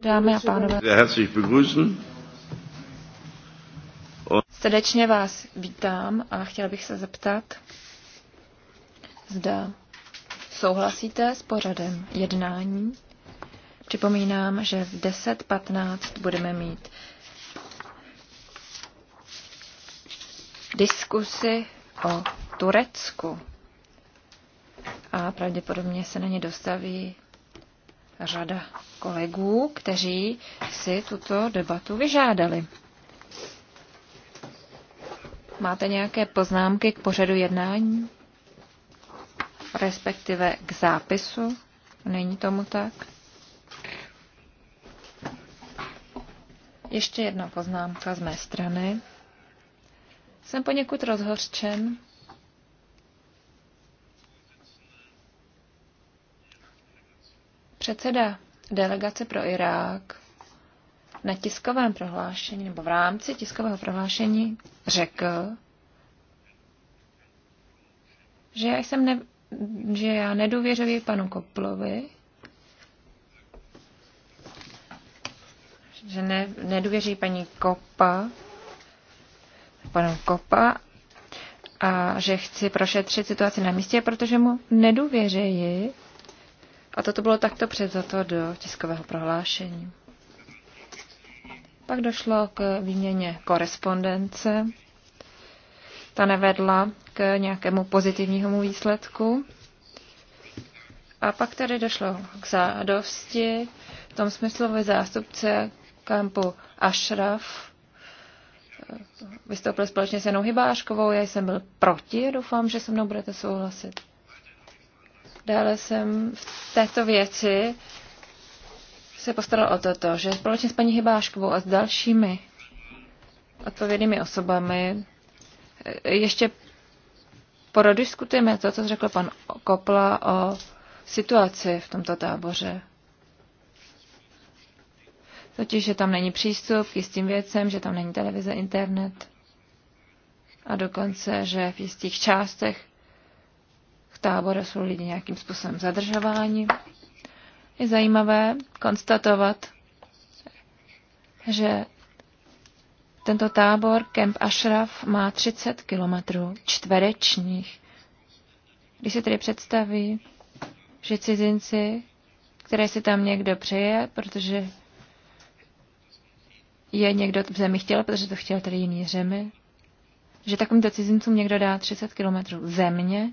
Dámy a pánové, srdečně vás vítám a chtěla bych se zeptat, zda souhlasíte s pořadem jednání. Připomínám, že v 10.15 budeme mít diskusy o Turecku a pravděpodobně se na ně dostaví řada kolegů, kteří si tuto debatu vyžádali. Máte nějaké poznámky k pořadu jednání? Respektive k zápisu? Není tomu tak? Ještě jedna poznámka z mé strany. Jsem poněkud rozhořčen, Předseda delegace pro Irák na tiskovém prohlášení nebo v rámci tiskového prohlášení řekl, že já, jsem ne, že já nedůvěřuji panu Koplovi, že ne, nedůvěří paní Kopa, panu Kopa, a že chci prošetřit situaci na místě, protože mu nedůvěřeji a toto bylo takto předzato do tiskového prohlášení. Pak došlo k výměně korespondence. Ta nevedla k nějakému pozitivnímu výsledku. A pak tady došlo k zádosti, v tom smyslu zástupce kampu Ashraf vystoupil společně s mnou Hybáškovou, já jsem byl proti, doufám, že se mnou budete souhlasit. Dále jsem v této věci se postaral o toto, že společně s paní Hybáškovou a s dalšími odpovědnými osobami eh, ještě prodiskutujeme to, co řekl pan Kopla o situaci v tomto táboře. Totiž, že tam není přístup k jistým věcem, že tam není televize, internet a dokonce, že v jistých částech tábora jsou lidi nějakým způsobem zadržováni. Je zajímavé konstatovat, že tento tábor Camp Ashraf má 30 kilometrů čtverečních. Když se tedy představí, že cizinci, které si tam někdo přeje, protože je někdo v zemi chtěl, protože to chtěl tedy jiný řemy, že takovýmto cizincům někdo dá 30 kilometrů země,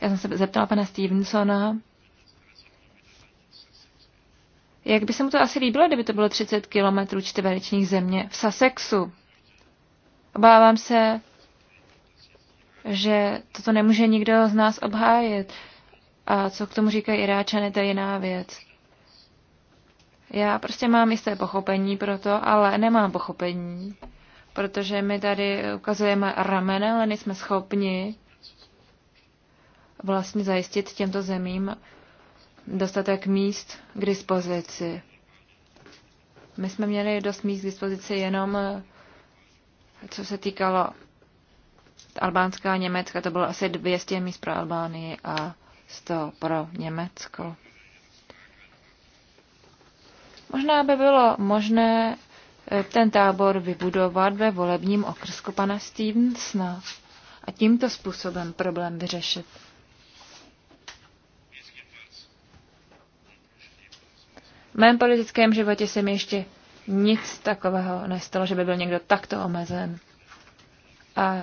já jsem se zeptala pana Stevensona, jak by se mu to asi líbilo, kdyby to bylo 30 kilometrů čtverečních země v Sussexu. Obávám se, že toto nemůže nikdo z nás obhájit. A co k tomu říkají Iráčany, to je jiná věc. Já prostě mám jisté pochopení pro to, ale nemám pochopení, protože my tady ukazujeme ramene, ale nejsme schopni vlastně zajistit těmto zemím dostatek míst k dispozici. My jsme měli dost míst k dispozici jenom, co se týkalo Albánska a Německa, to bylo asi 200 míst pro Albánii a 100 pro Německo. Možná by bylo možné eh, ten tábor vybudovat ve volebním okrsku pana Stevensona a tímto způsobem problém vyřešit. V mém politickém životě se mi ještě nic takového nestalo, že by byl někdo takto omezen. A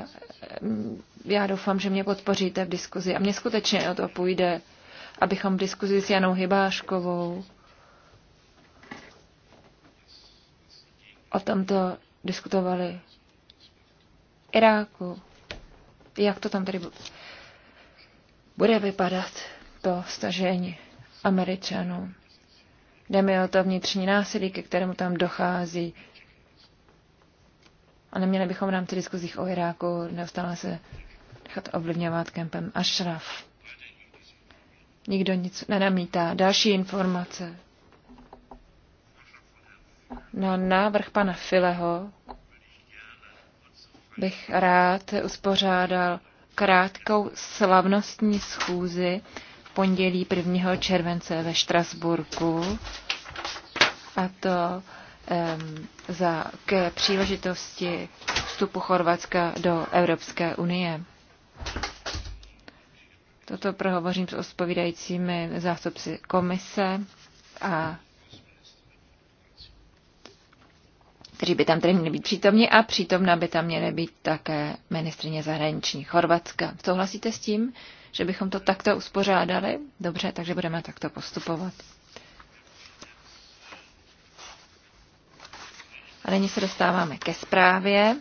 mm, já doufám, že mě podpoříte v diskuzi. A mně skutečně o to půjde, abychom v diskuzi s Janou Hybáškovou o tomto diskutovali Iráku. Jak to tam tedy bude vypadat, to stažení Američanů. Jde mi o to vnitřní násilí, ke kterému tam dochází. A neměli bychom v rámci diskuzích o Iráku neustále se nechat ovlivňovat kempem Ashraf. Nikdo nic nenamítá. Další informace. Na návrh pana Fileho bych rád uspořádal krátkou slavnostní schůzi pondělí 1. července ve Štrasburku a to um, za, k příležitosti vstupu Chorvatska do Evropské unie. Toto prohovořím s odpovídajícími zástupci komise a kteří by tam tedy měli být přítomni a přítomna by tam měly být také ministrině zahraniční Chorvatska. Souhlasíte s tím? že bychom to takto uspořádali? Dobře, takže budeme takto postupovat. A nyní se dostáváme ke zprávě.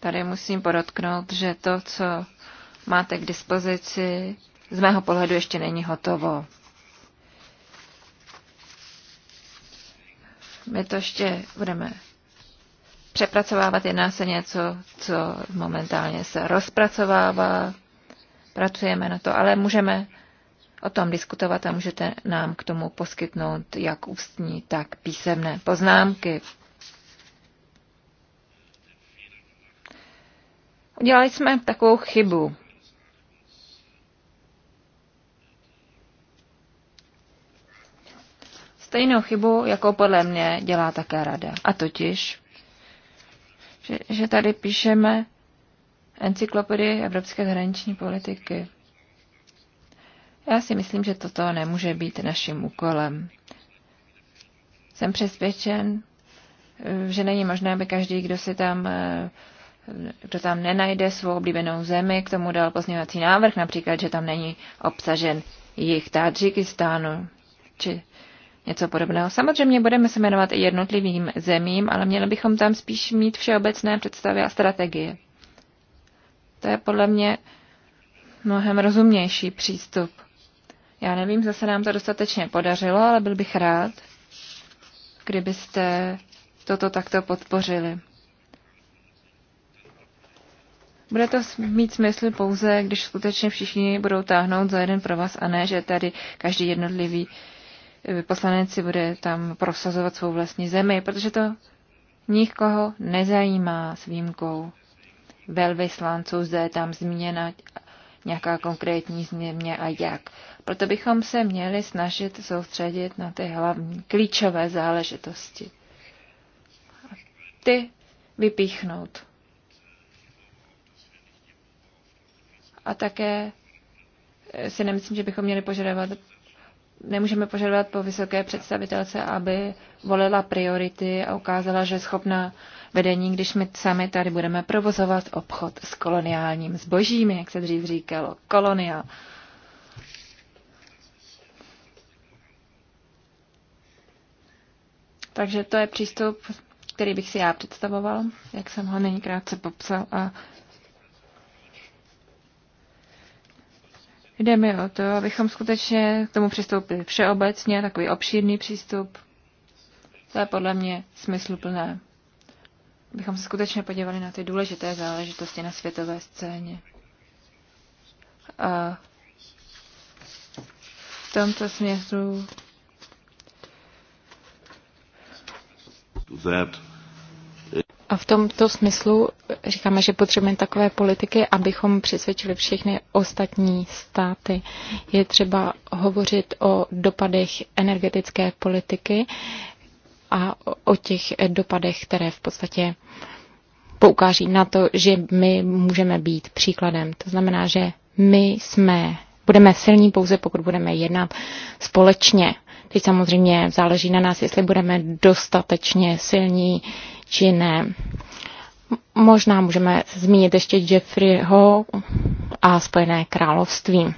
Tady musím podotknout, že to, co máte k dispozici, z mého pohledu ještě není hotovo. My to ještě budeme přepracovávat. Jedná se něco, co momentálně se rozpracovává. Pracujeme na to, ale můžeme o tom diskutovat a můžete nám k tomu poskytnout jak ústní, tak písemné poznámky. Udělali jsme takovou chybu. Stejnou chybu, jakou podle mě dělá také rada. A totiž že, že tady píšeme encyklopedii evropské zahraniční politiky. Já si myslím, že toto nemůže být naším úkolem. Jsem přesvědčen, že není možné, aby každý, kdo si tam kdo tam nenajde svou oblíbenou zemi, k tomu dal pozměňovací návrh, například, že tam není obsažen jich Tadžikistánu či něco podobného. Samozřejmě budeme se jmenovat i jednotlivým zemím, ale měli bychom tam spíš mít všeobecné představy a strategie. To je podle mě mnohem rozumnější přístup. Já nevím, zase nám to dostatečně podařilo, ale byl bych rád, kdybyste toto takto podpořili. Bude to mít smysl pouze, když skutečně všichni budou táhnout za jeden pro vás a ne, že tady každý jednotlivý poslanec si bude tam prosazovat svou vlastní zemi, protože to nikoho nezajímá s výjimkou velvyslanců, zde je tam zmíněna nějaká konkrétní změna a jak. Proto bychom se měli snažit soustředit na ty hlavní, klíčové záležitosti. A ty vypíchnout. A také si nemyslím, že bychom měli požadovat nemůžeme požadovat po vysoké představitelce, aby volila priority a ukázala, že je schopná vedení, když my sami tady budeme provozovat obchod s koloniálním zbožím, jak se dřív říkalo, kolonia. Takže to je přístup, který bych si já představoval, jak jsem ho nyní krátce popsal a Jde mi o to, abychom skutečně k tomu přistoupili všeobecně, takový obšírný přístup. To je podle mě smysluplné. Abychom se skutečně podívali na ty důležité záležitosti na světové scéně. A v tomto směru that a v tomto smyslu říkáme, že potřebujeme takové politiky, abychom přesvědčili všechny ostatní státy. Je třeba hovořit o dopadech energetické politiky a o těch dopadech, které v podstatě poukáží na to, že my můžeme být příkladem. To znamená, že my jsme, budeme silní pouze, pokud budeme jednat společně. Teď samozřejmě záleží na nás, jestli budeme dostatečně silní, či ne. Možná můžeme zmínit ještě Jeffreyho a Spojené království.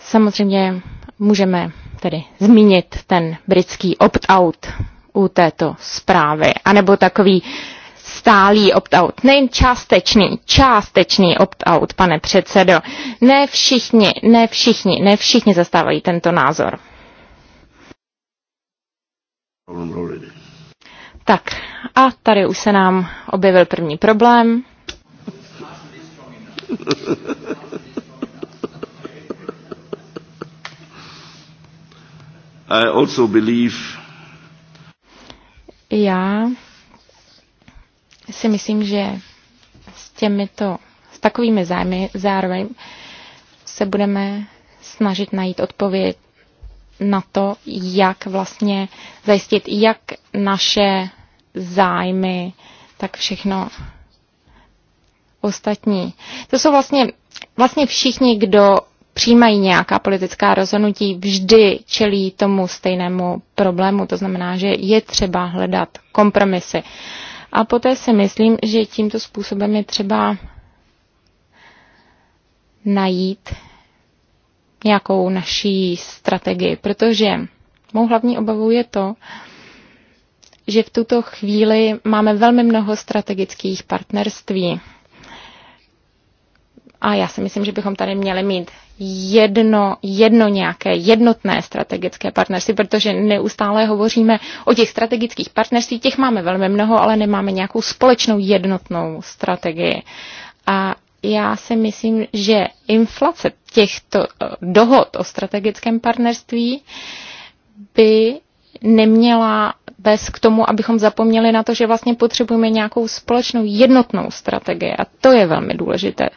Samozřejmě můžeme tedy zmínit ten britský opt-out u této zprávy, anebo takový stálý opt-out, nejen částečný, částečný opt-out, pane předsedo. Ne všichni, ne všichni, ne všichni zastávají tento názor. Tak a tady už se nám objevil první problém. I also believe já si myslím, že s těmito, s takovými zájmy zároveň se budeme snažit najít odpověď na to, jak vlastně zajistit jak naše zájmy, tak všechno ostatní. To jsou vlastně, vlastně všichni, kdo přijímají nějaká politická rozhodnutí, vždy čelí tomu stejnému problému. To znamená, že je třeba hledat kompromisy. A poté si myslím, že tímto způsobem je třeba najít nějakou naší strategii, protože mou hlavní obavou je to, že v tuto chvíli máme velmi mnoho strategických partnerství. A já si myslím, že bychom tady měli mít jedno, jedno nějaké jednotné strategické partnerství, protože neustále hovoříme o těch strategických partnerství, těch máme velmi mnoho, ale nemáme nějakou společnou jednotnou strategii. A já si myslím, že inflace těchto eh, dohod o strategickém partnerství by neměla bez k tomu, abychom zapomněli na to, že vlastně potřebujeme nějakou společnou jednotnou strategii a to je velmi důležité.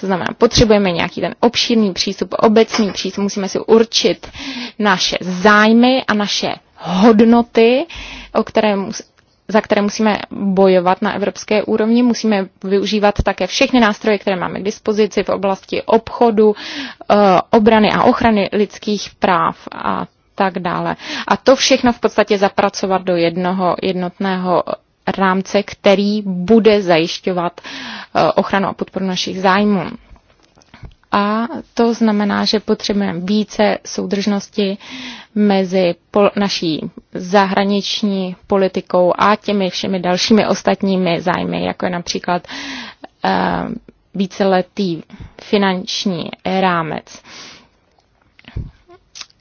To znamená, potřebujeme nějaký ten obšírný přístup, obecný přístup, musíme si určit naše zájmy a naše hodnoty, o které za které musíme bojovat na evropské úrovni. Musíme využívat také všechny nástroje, které máme k dispozici v oblasti obchodu, eh, obrany a ochrany lidských práv a tak dále. A to všechno v podstatě zapracovat do jednoho jednotného rámce, který bude zajišťovat eh, ochranu a podporu našich zájmů a to znamená, že potřebujeme více soudržnosti mezi pol- naší zahraniční politikou a těmi všemi dalšími ostatními zájmy, jako je například uh, víceletý finanční rámec.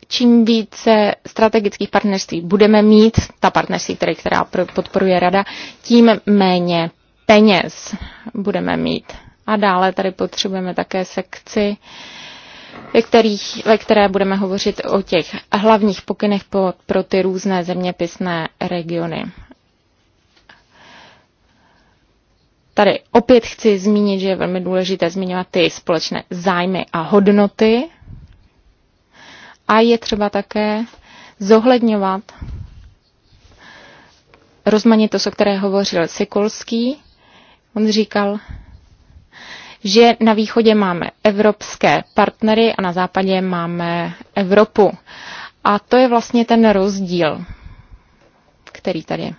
Čím více strategických partnerství budeme mít, ta partnerství, které, která podporuje Rada, tím méně peněz budeme mít a dále tady potřebujeme také sekci, kterých, ve které budeme hovořit o těch hlavních pokynech pro, pro ty různé zeměpisné regiony. Tady opět chci zmínit, že je velmi důležité zmiňovat ty společné zájmy a hodnoty. A je třeba také zohledňovat rozmanitost, o které hovořil Sikolský. On říkal, že na východě máme evropské partnery a na západě máme Evropu. A to je vlastně ten rozdíl, který tady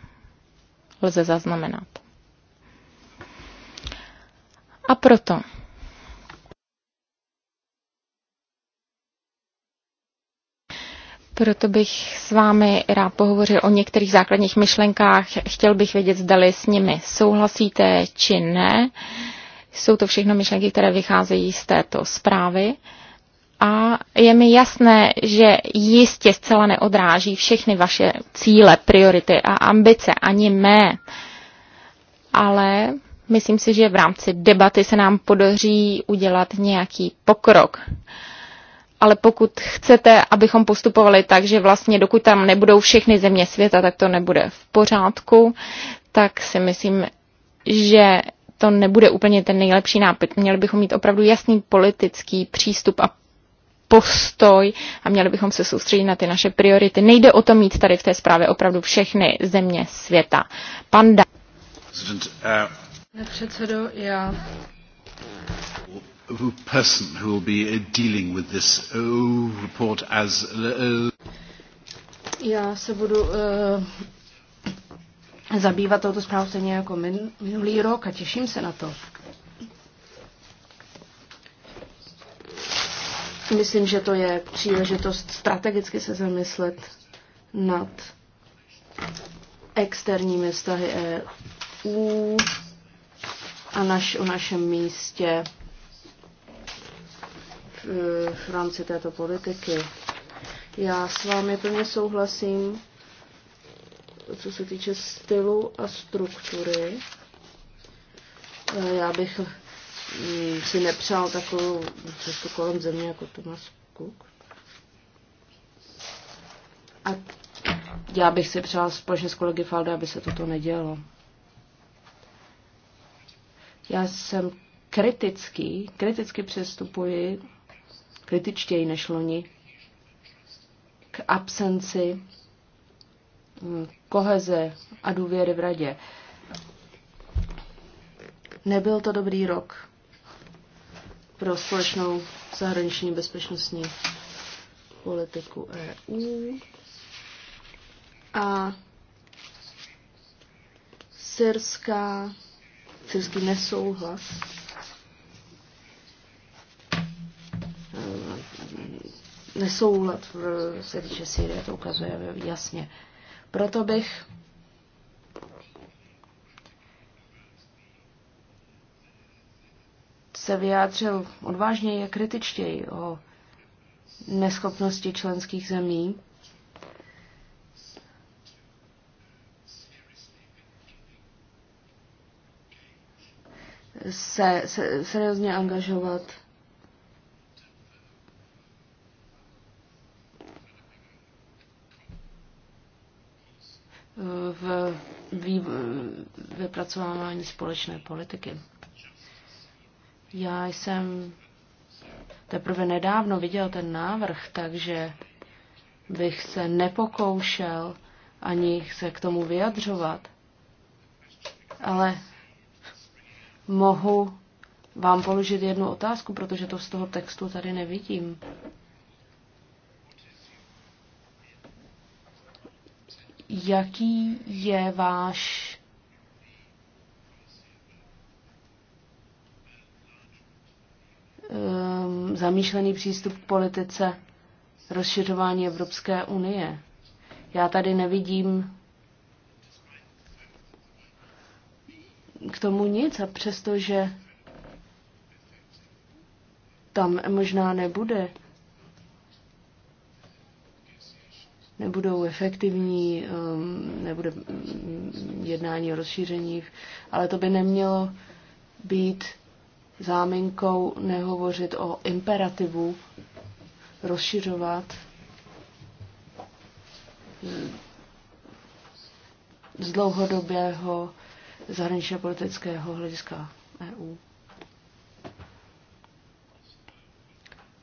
lze zaznamenat. A proto Proto bych s vámi rád pohovořil o některých základních myšlenkách. Chtěl bych vědět, zdali s nimi souhlasíte či ne. Uh, jsou to všechno myšlenky, které vycházejí z této zprávy. A je mi jasné, že jistě zcela neodráží všechny vaše cíle, priority a ambice, ani mé. Ale myslím si, že v rámci debaty se nám podaří udělat nějaký pokrok. Ale pokud chcete, abychom postupovali tak, že vlastně dokud tam nebudou všechny země světa, tak to nebude v pořádku, tak si myslím, že to nebude úplně ten nejlepší nápad. Měli bychom mít opravdu jasný politický přístup a postoj a měli bychom se soustředit na ty naše priority. Nejde o to mít tady v té zprávě opravdu všechny země světa. Panda. předsedo, já person who will be uh, dealing with this uh, report as uh, já se budu uh, zabývat touto zprávou stejně jako minulý rok a těším se na to. Myslím, že to je příležitost strategicky se zamyslet nad externími vztahy EU a naš, o našem místě v, v rámci této politiky. Já s vámi plně souhlasím co se týče stylu a struktury. Eh, já bych mm, si nepřál takovou cestu kolem země jako Thomas Cook. A já bych si přál společně s kolegy Falda, aby se toto nedělo. Já jsem kritický, kriticky přestupuji, kritičtěji než loni, k absenci Mm, koheze a důvěry v radě. Nebyl to dobrý rok pro společnou zahraniční bezpečnostní politiku EU. A syrská, syrský nesouhlas nesoulad v, se týče Syrie, to ukazuje jasně. Proto bych se vyjádřil odvážněji a kritičtěji o neschopnosti členských zemí se, se seriózně angažovat v vypracovávání společné politiky. Já jsem teprve nedávno viděl ten návrh, takže bych se nepokoušel ani se k tomu vyjadřovat. Ale mohu vám položit jednu otázku, protože to z toho textu tady nevidím. Jaký je váš um, zamýšlený přístup k politice rozšiřování Evropské unie? Já tady nevidím k tomu nic a přestože tam možná nebude nebudou efektivní, um, nebude mm, jednání o rozšíření, ale to by nemělo být záminkou nehovořit o imperativu rozšiřovat mm, z dlouhodobého zahraničně politického hlediska EU.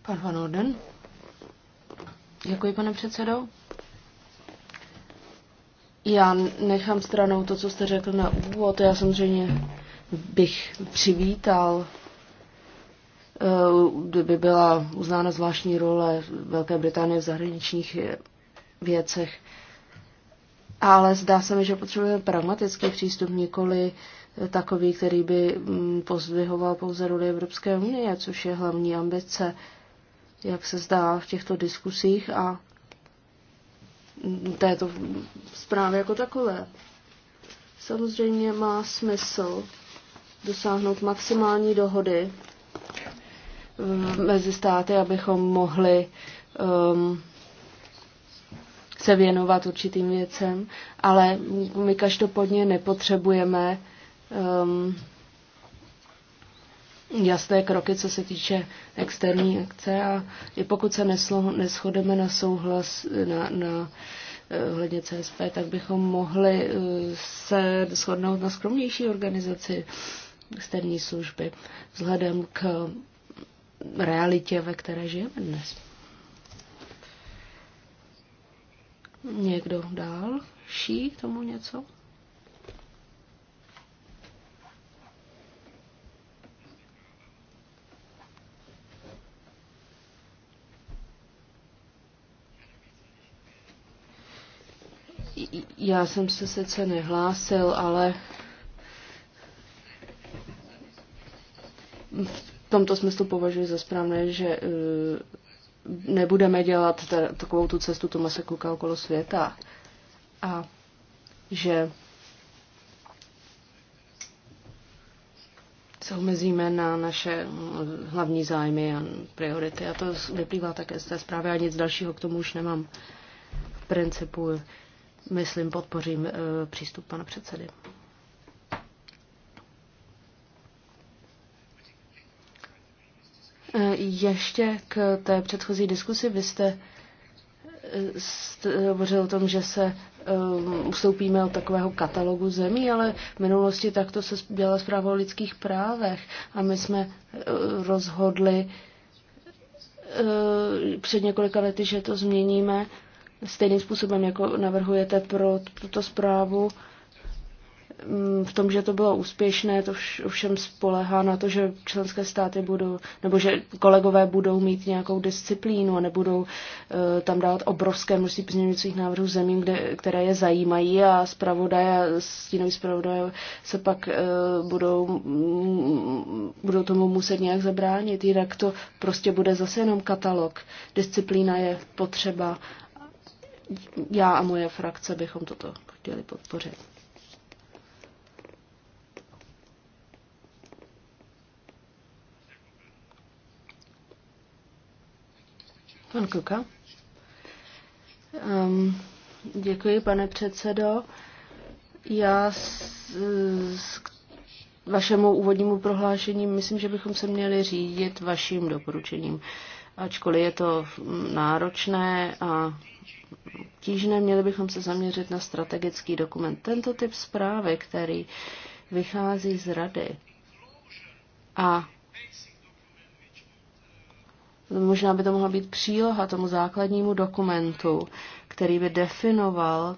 Pan Van Orden. Děkuji, pane předsedo. Já nechám stranou to, co jste řekl na úvod. Já samozřejmě bych přivítal, eh, kdyby byla uznána zvláštní role Velké Británie v zahraničních eh, věcech. Ale zdá se mi, že potřebujeme pragmatický přístup, nikoli eh, takový, který by mm, pozdvihoval pouze roli Evropské unie, což je hlavní ambice, jak se zdá v těchto diskusích a této zprávy jako takové. Samozřejmě má smysl dosáhnout maximální dohody eh, mezi státy, abychom mohli um, se věnovat určitým věcem, ale my každopodně nepotřebujeme um, jasné kroky, co se týče externí akce a i pokud se neslo, neschodeme na souhlas na, na eh, hledně CSP, tak bychom mohli eh, se shodnout na skromnější organizaci externí služby vzhledem k realitě, ve které žijeme dnes. Někdo dál ší tomu něco? Já jsem se sice nehlásil, ale v tomto smyslu považuji za správné, že e, nebudeme dělat takovou tu cestu se Kuka okolo světa a že se omezíme na naše hlavní zájmy a priority. A to vyplývá také z té zprávy a nic dalšího k tomu už nemám v principu myslím, podpořím eh, přístup pana předsedy. Eh, ještě k té předchozí diskusi. Vy jste eh, hovořil o tom, že se ustoupíme od takového katalogu zemí, ale v minulosti takto se dělala zpráva o lidských právech a my jsme rozhodli před několika lety, že to změníme stejným způsobem, jako navrhujete pro tuto zprávu. Mm, v tom, že to bylo úspěšné, to ovšem spolehá na to, že členské státy budou, nebo že kolegové budou mít nějakou disciplínu a nebudou eh, tam dát obrovské množství pozměňujících návrhů zemím, kde, které je zajímají a zpravodaj a stínoví zpravodaj se pak eh, budou, mm, budou tomu muset nějak zabránit. Jinak to prostě bude zase jenom katalog. Disciplína je potřeba já a moje frakce bychom toto chtěli podpořit. Pan Kuka. Um, ehm, děkuji, pane předsedo. Já s, s, k vašemu úvodnímu prohlášení myslím, že bychom se měli řídit vaším doporučením. Uh, ačkoliv je to náročné a tížné, měli bychom se zaměřit na strategický dokument. Tento typ zprávy, který vychází z rady a možná by to mohla být příloha tomu základnímu dokumentu, který by definoval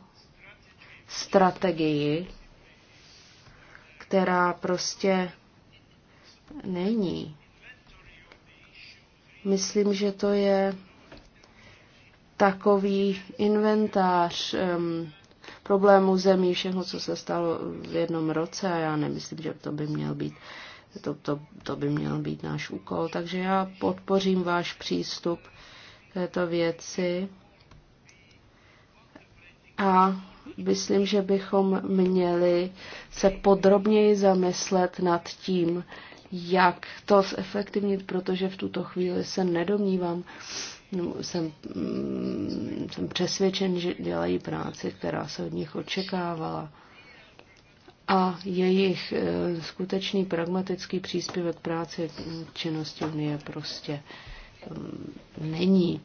strategii, která prostě není Myslím, že to je takový inventář um, problémů zemí, všeho, co se stalo v jednom roce a já nemyslím, že to by měl být to, to, to by měl být náš úkol. Takže já podpořím váš přístup k této věci a myslím, že bychom měli se podrobněji zamyslet nad tím, jak to zefektivnit, protože v tuto chvíli se nedomnívám, no, jsem, mm, jsem přesvědčen, že dělají práci, která se od nich očekávala. A jejich e, skutečný pragmatický příspěvek práce činnosti Unie prostě mm, není.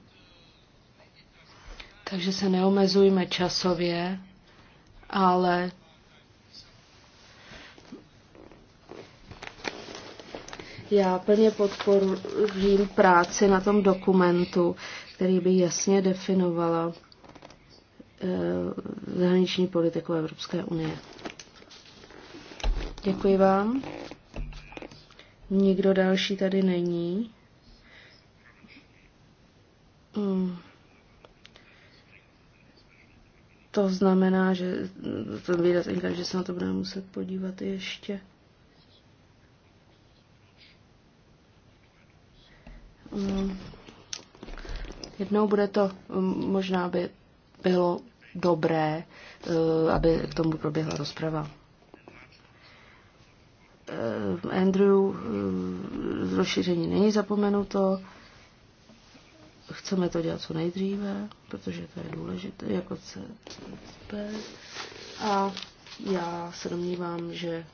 Takže se neomezujme časově, ale Já plně podporuji práci na tom dokumentu, který by jasně definovala zahraniční politiku Evropské unie. Děkuji vám. Nikdo další tady není. Hmm. To znamená, že ten výraz že se na to budeme muset podívat ještě. Mm. jednou bude to, mm, možná by bylo dobré, eh, aby k tomu proběhla rozprava. Eh, Andrew, eh, rozšíření není zapomenuto, chceme to dělat co nejdříve, protože to je důležité, jako CCP. A já se domnívám, že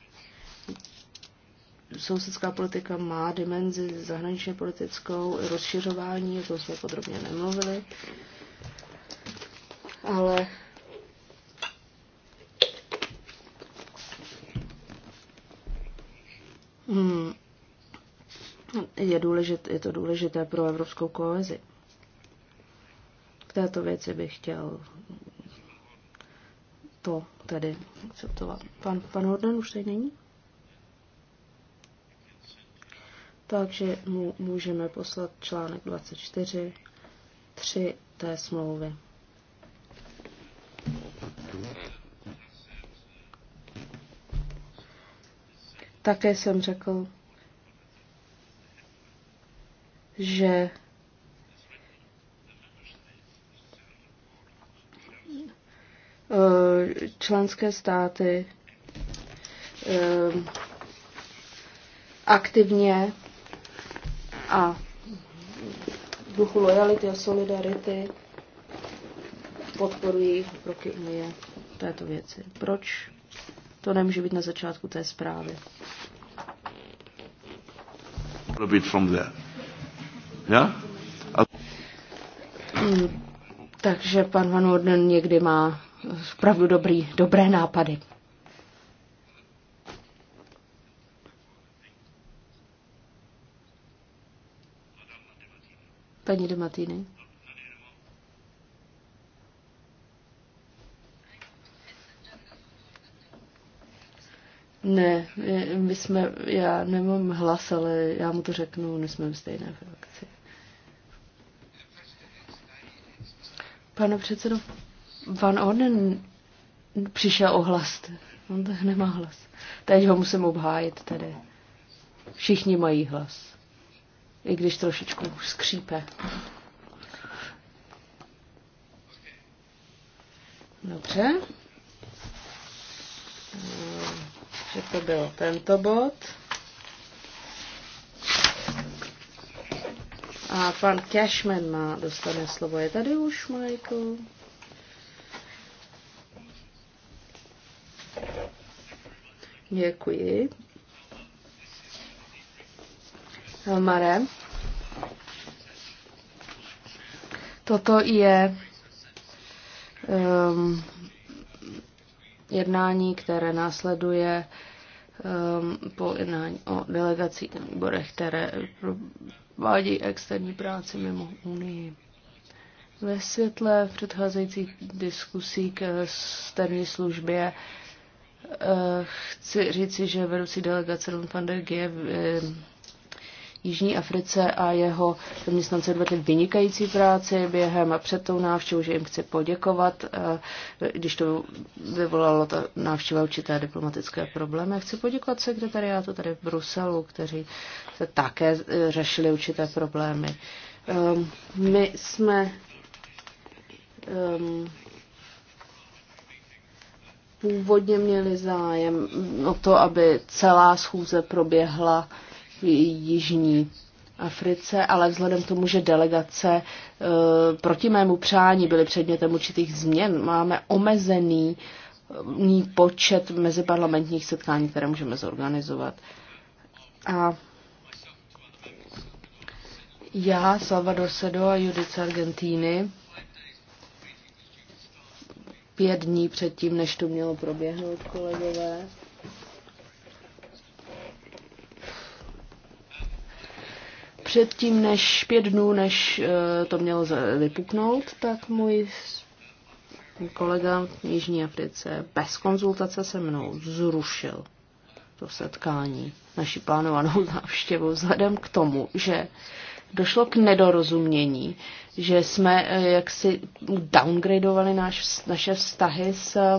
sousedská politika má dimenzi zahraničně politickou, rozšiřování, o tom jsme podrobně nemluvili, ale hmm, je, důležit, je to důležité pro evropskou koalizi. K této věci bych chtěl to tedy akceptovat. Pan, pan Horden už tady není? takže mu můžeme poslat článek 24, 3 té smlouvy. Také jsem řekl, že eh, členské státy eh, aktivně a duchu lojality a solidarity podporují kroky Unie této věci. Proč to nemůže být na začátku té zprávy? A bit from there. Yeah? Hmm. Takže pan Van Orden někdy má opravdu dobrý, dobré nápady. Paní Dematýny. Ne, my jsme, já nemám hlas, ale já mu to řeknu, nejsme v stejné frakci. Pane předsedo, Van Orden přišel o hlas. On tak nemá hlas. Teď ho musím obhájit tady. Všichni mají hlas i když trošičku skřípe. Dobře. Že to byl tento bod. A pan Cashman má, dostane slovo. Je tady už, Michael? Děkuji. Helmare, Toto je um, jednání, které následuje um, po jednání o delegací na výborech, které provádí externí práci mimo Unii. Ve světle předcházejících diskusí k externí službě eh, chci říci, že vedoucí delegace Ron van der Gie Jižní Africe a jeho zaměstnanci odvedli vynikající práci během a před tou návštěvou, že jim chci poděkovat, eh, když to vyvolalo ta návštěva určité diplomatické problémy. chci poděkovat sekretariátu tady v Bruselu, kteří se také eh, řešili určité problémy. Eh, my jsme ehm, původně měli zájem o to, aby celá schůze proběhla Jižní Africe, ale vzhledem k tomu, že delegace e, proti mému přání byly předmětem určitých změn, máme omezený e, počet meziparlamentních setkání, které můžeme zorganizovat. A já, Salvador Sedo a Judice Argentíny, pět dní předtím, než to mělo proběhnout, kolegové, předtím než pět dnů, než eh, to mělo vypuknout, tak můj kolega v Jižní Africe bez konzultace se mnou zrušil to setkání, naši plánovanou návštěvu, vzhledem k tomu, že došlo k nedorozumění, že jsme eh, jaksi downgradovali naš, naše vztahy s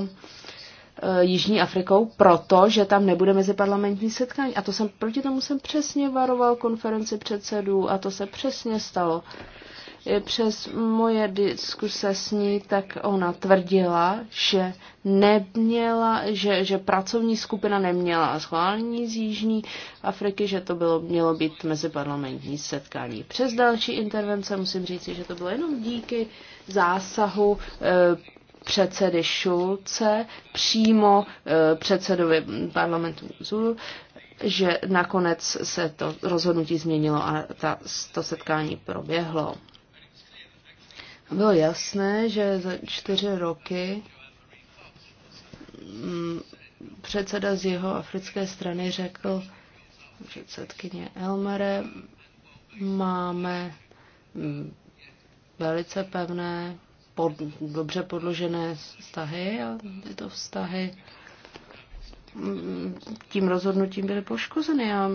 Eh, Jižní Afrikou, protože tam nebude meziparlamentní setkání. A to jsem, proti tomu jsem přesně varoval konferenci předsedů a to se přesně stalo. Přes moje diskuse s ní, tak ona tvrdila, že neměla, že, že pracovní skupina neměla schválení z Jižní Afriky, že to bylo, mělo být meziparlamentní setkání. Přes další intervence musím říct, že to bylo jenom díky zásahu eh, předsedy Šulce přímo eh, předsedovi parlamentu Zulu, že nakonec se to rozhodnutí změnilo a ta, to setkání proběhlo. Bylo jasné, že za čtyři roky mm, předseda z jeho africké strany řekl předsedkyně Elmere, máme mm, velice pevné pod, dobře podložené vztahy a tyto vztahy mm, tím rozhodnutím byly poškozeny a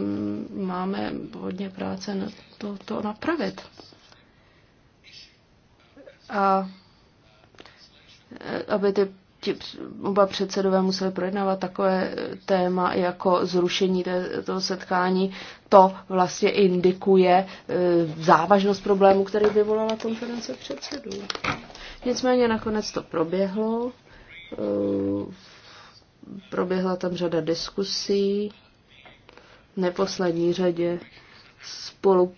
máme hodně práce na to, to napravit. A eh, aby ty ti oba předsedové museli projednávat takové eh, téma jako zrušení té, toho setkání, to vlastně indikuje e, závažnost problému, který vyvolala konference předsedů. Nicméně nakonec to proběhlo. Eh, proběhla tam řada diskusí, v neposlední řadě spolu,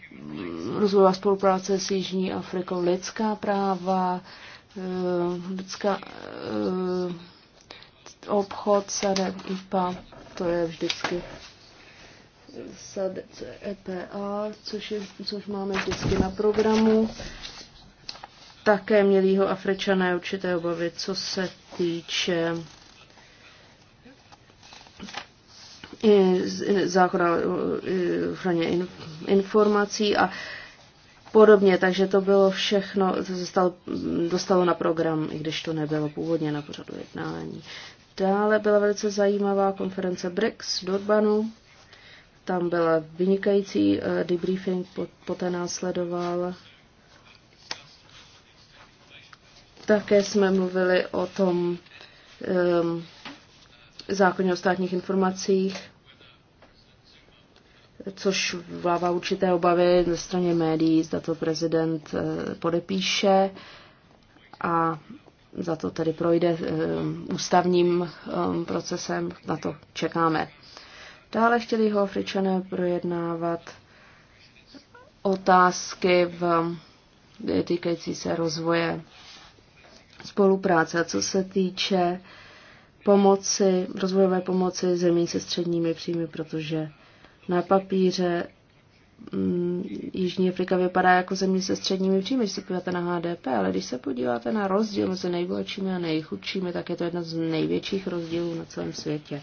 rozvojová spolupráce s Jižní Afrikou, lidská práva, eh, lidská, eh, obchod SADEP IPA, to je vždycky SADEP EPA, což, je, což máme vždycky na programu. Také měli jeho Afričané určité obavy, co se týče eh, zákona eh, ochraně informací a podobně, takže to bylo všechno, to se stalo, dostalo na program, i když to nebylo původně na pořadu jednání. Dále byla velice zajímavá konference BRICS v Durbanu. Tam byla vynikající eh, debriefing, poté následoval Také jsme mluvili o tom um, zákoně o státních informacích, což vlává určité obavy ze straně médií, zda to prezident eh, podepíše a za to tedy projde ehm, ústavním ehm, procesem, na to čekáme. Dále chtěli ho Afričané projednávat otázky v týkající se rozvoje spolupráce. A co se týče pomoci, rozvojové pomoci zemí se středními příjmy, protože na papíře mm, Jižní Afrika vypadá jako země se středními příjmy, když se podíváte na HDP, ale když se podíváte na rozdíl mezi nejbohatšími a nejchudšími, tak je to jedna z největších rozdílů na celém světě.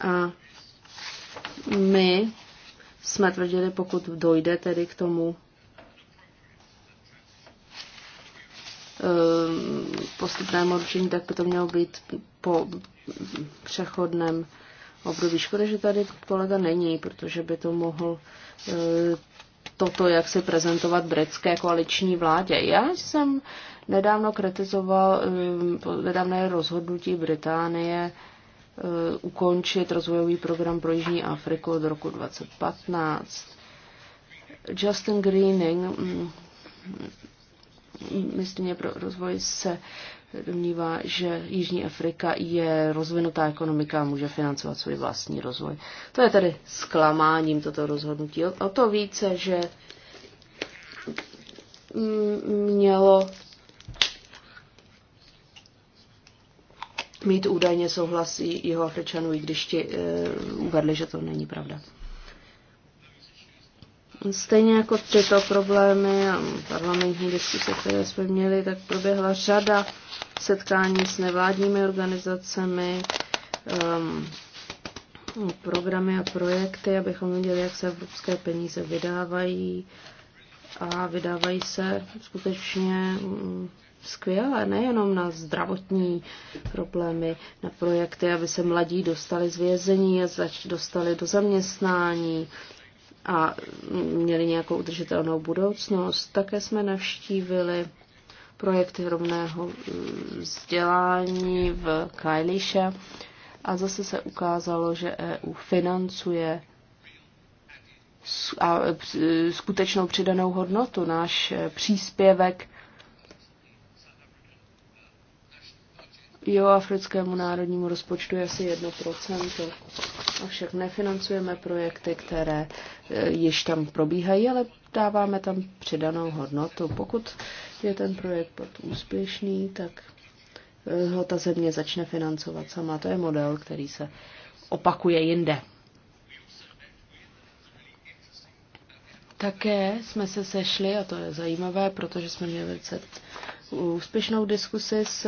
A my jsme tvrdili, pokud dojde tedy k tomu Eh, postupnému ručení, tak by to mělo být po přechodném období. Škoda, že tady kolega není, protože by to mohl eh, toto, jak si prezentovat britské koaliční vládě. Já jsem nedávno kritizoval eh, nedávné rozhodnutí Británie ukončit rozvojový program pro Jižní Afriku od roku 2015. Justin Greening, mm, ministrině pro rozvoj se domnívá, že Jižní Afrika je rozvinutá ekonomika a může financovat svůj vlastní rozvoj. To je tedy zklamáním toto rozhodnutí. O to více, že mělo mít údajně souhlas jeho Afričanů, i když ti eh, uvedli, že to není pravda. Stejně jako tyto problémy a parlamentní diskuse, které jsme měli, tak proběhla řada setkání s nevládními organizacemi, um, programy a projekty, abychom viděli, jak se evropské peníze vydávají. A vydávají se skutečně mm, skvěle, nejenom na zdravotní problémy, na projekty, aby se mladí dostali z vězení a dostali do zaměstnání, a měli nějakou udržitelnou budoucnost. Také jsme navštívili projekty rovného mm, vzdělání v Kajliše a zase se ukázalo, že EU financuje skutečnou přidanou hodnotu. Náš příspěvek africkému národnímu rozpočtu je asi 1%. Avšak nefinancujeme projekty, které eh, již tam probíhají, ale dáváme tam přidanou hodnotu. Pokud je ten projekt pod úspěšný, tak eh, ho ta země začne financovat sama. To je model, který se opakuje jinde. Také jsme se sešli, a to je zajímavé, protože jsme měli úspěšnou diskusi s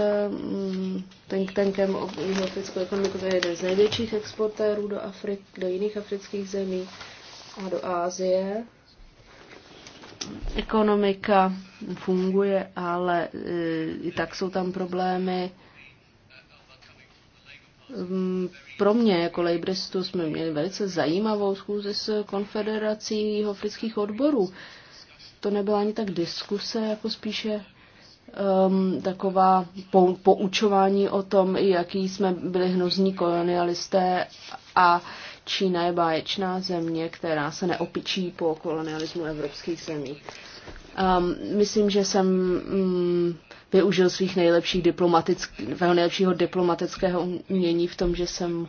tank mm, tankem o africkou ekonomiku, to je jeden z největších exportérů do, Afrik, do jiných afrických zemí a do Ázie. Ekonomika funguje, ale eh, i tak jsou tam problémy. Mm, pro mě jako lejbristu jsme měli velice zajímavou schůzi s konfederací afrických odborů. To nebyla ani tak diskuse, jako spíše um, taková poučování o tom, jaký jsme byli hnozní kolonialisté a Čína je báječná země, která se neopičí po kolonialismu evropských zemí. Um, myslím, že jsem um, využil svých nejlepších diplomatického, nejlepšího diplomatického umění v tom, že jsem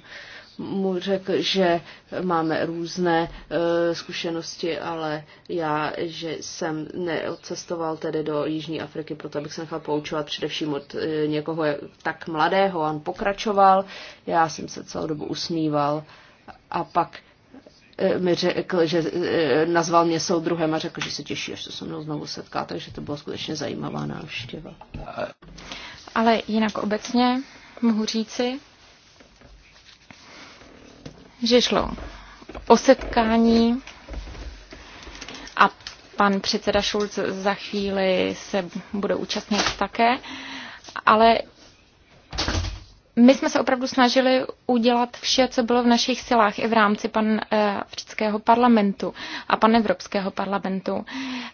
mu řekl, že máme různé uh, zkušenosti, ale já, že jsem neodcestoval tedy do Jižní Afriky, proto abych se nechal poučovat především od uh, někoho tak mladého. On pokračoval, já jsem se celou dobu usmíval a pak eh, mi řekl, že nazval mě soudruhem a řekl, že se těší, až se se mnou znovu setká, takže to byla skutečně zajímavá návštěva. Ale jinak obecně mohu říci, že šlo o setkání a pan předseda Schulz za chvíli se bude účastnit také, ale my jsme se opravdu snažili udělat vše, co bylo v našich silách i v rámci pan eh, Afrického parlamentu a pan Evropského parlamentu.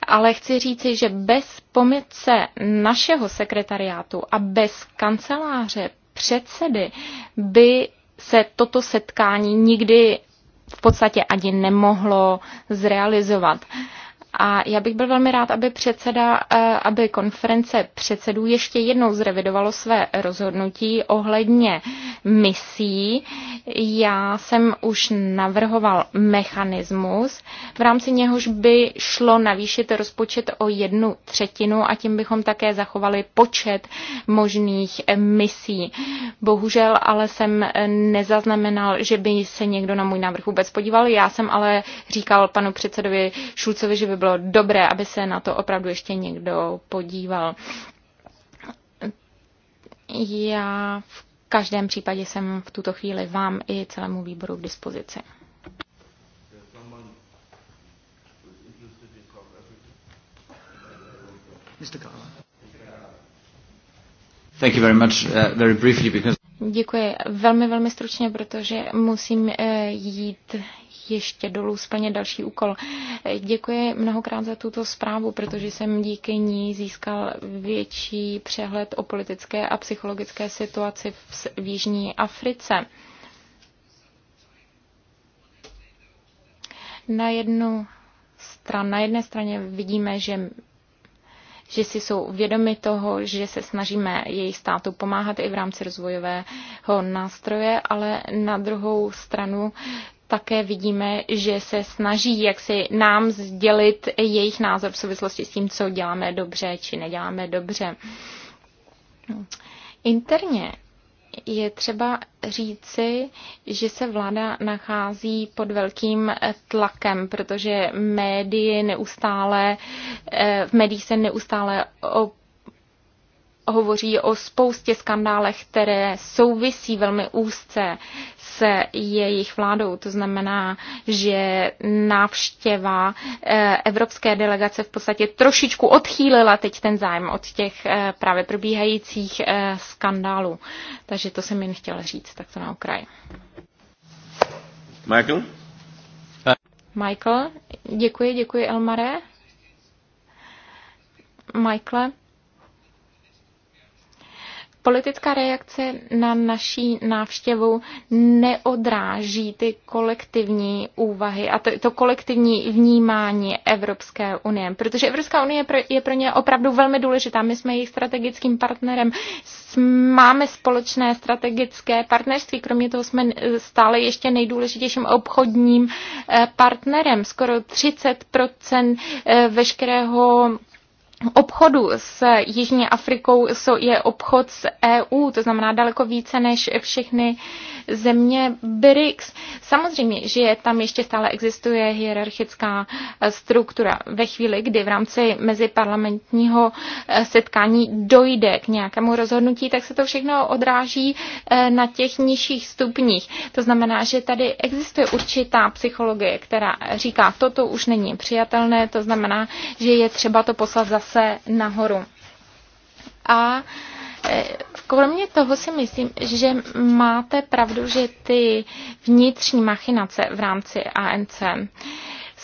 Ale chci říci, že bez pomice našeho sekretariátu a bez kanceláře předsedy by se toto setkání nikdy v podstatě ani nemohlo zrealizovat. A já bych byl velmi rád, aby předseda, eh, aby konference předsedů ještě jednou zrevidovalo své rozhodnutí ohledně misí. Já jsem už navrhoval mechanismus, v rámci něhož by šlo navýšit rozpočet o jednu třetinu a tím bychom také zachovali počet možných misí. Bohužel ale jsem nezaznamenal, že by se někdo na můj návrh vůbec podíval. Já jsem ale říkal panu předsedovi Šulcovi, že by bylo dobré, aby se na to opravdu ještě někdo podíval. Já v každém případě jsem v tuto chvíli vám i celému výboru k dispozici. Thank you very much. Uh, very briefly because... Děkuji. Velmi, velmi stručně, protože musím eh, jít ještě dolů splnit další úkol. Děkuji mnohokrát za tuto zprávu, protože jsem díky ní získal větší přehled o politické a psychologické situaci v Jižní Africe. Na jednu stran, na jedné straně vidíme, že že si jsou vědomi toho, že se snažíme jejich státu pomáhat i v rámci rozvojového nástroje, ale na druhou stranu také vidíme, že se snaží jak si nám sdělit jejich názor v souvislosti s tím, co děláme dobře či neděláme dobře. Interně je třeba říci, že se vláda nachází pod velkým tlakem, protože médii neustále, eh, v médiích se neustále op hovoří o spoustě skandálech, které souvisí velmi úzce se jejich vládou. To znamená, že návštěva eh, evropské delegace v podstatě trošičku odchýlila teď ten zájem od těch eh, právě probíhajících eh, skandálů. Takže to jsem jen chtěla říct, tak to na okraj. Michael? Michael, děkuji, děkuji Elmare. Michael, politická reakce na naší návštěvu neodráží ty kolektivní úvahy a to, to kolektivní vnímání Evropské unie, protože Evropská unie je pro ně opravdu velmi důležitá. My jsme jejich strategickým partnerem, máme společné strategické partnerství, kromě toho jsme stále ještě nejdůležitějším obchodním eh, partnerem. Skoro 30 eh, veškerého obchodu s Jižní Afrikou je obchod s EU, to znamená daleko více než všechny země BRICS. Samozřejmě, že tam ještě stále existuje hierarchická eh, struktura. Ve chvíli, kdy v rámci meziparlamentního eh, setkání dojde k nějakému rozhodnutí, tak se to všechno odráží eh, na těch nižších stupních. To znamená, že tady existuje určitá psychologie, která říká, toto už není přijatelné, to znamená, že je třeba to poslat zase zase nahoru. A e, kromě toho si myslím, že máte pravdu, že ty vnitřní machinace v rámci ANC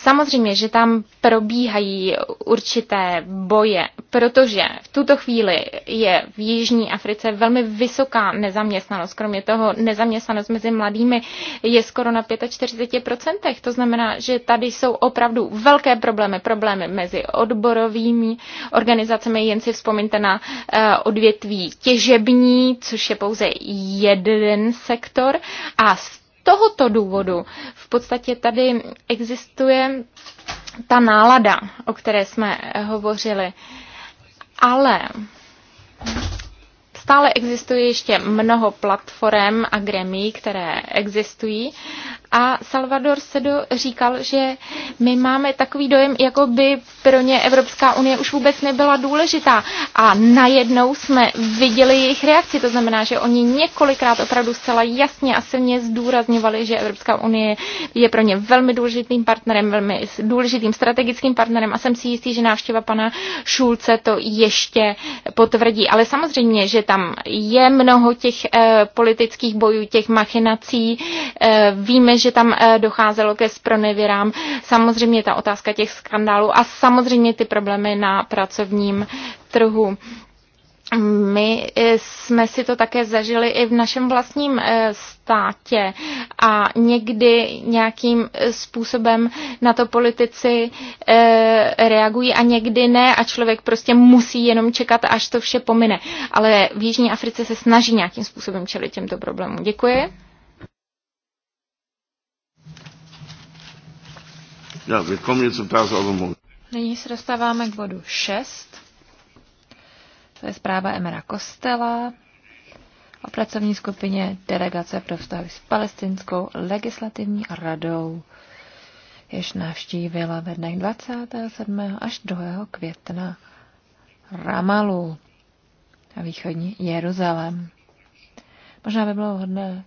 Samozřejmě, že tam probíhají určité boje, protože v tuto chvíli je v Jižní Africe velmi vysoká nezaměstnanost. Kromě toho nezaměstnanost mezi mladými je skoro na 45%. To znamená, že tady jsou opravdu velké problémy. Problémy mezi odborovými organizacemi. Jen si vzpomínte na eh, odvětví těžební, což je pouze jeden sektor. A tohoto důvodu v podstatě tady existuje ta nálada, o které jsme hovořili. Ale stále existuje ještě mnoho platform a gremí, které existují a Salvador Sedo říkal, že my máme takový dojem, jako by pro ně Evropská unie už vůbec nebyla důležitá. A najednou jsme viděli jejich reakci, to znamená, že oni několikrát opravdu zcela jasně a silně zdůrazňovali, že Evropská unie je pro ně velmi důležitým partnerem, velmi důležitým strategickým partnerem a jsem si jistý, že návštěva pana Šulce to ještě potvrdí. Ale samozřejmě, že tam je mnoho těch eh, politických bojů, těch machinací. Eh, víme, že že tam eh, docházelo ke spronevěrám, samozřejmě ta otázka těch skandálů a samozřejmě ty problémy na pracovním trhu. My eh, jsme si to také zažili i v našem vlastním eh, státě a někdy nějakým způsobem na to politici reagují a někdy ne a člověk prostě musí jenom čekat, až to vše pomine. Ale v Jižní Africe se snaží nějakým způsobem čelit těmto problémům. Děkuji. Ja, wir kommen jetzt zum Tagesordnungspunkt. Nyní se dostáváme k bodu 6. To je zpráva Emera Kostela o pracovní skupině Delegace pro vztahy s palestinskou legislativní radou, jež navštívila ve dnech 27. až 2. května Ramalu a východní Jeruzalém. Možná by bylo hodné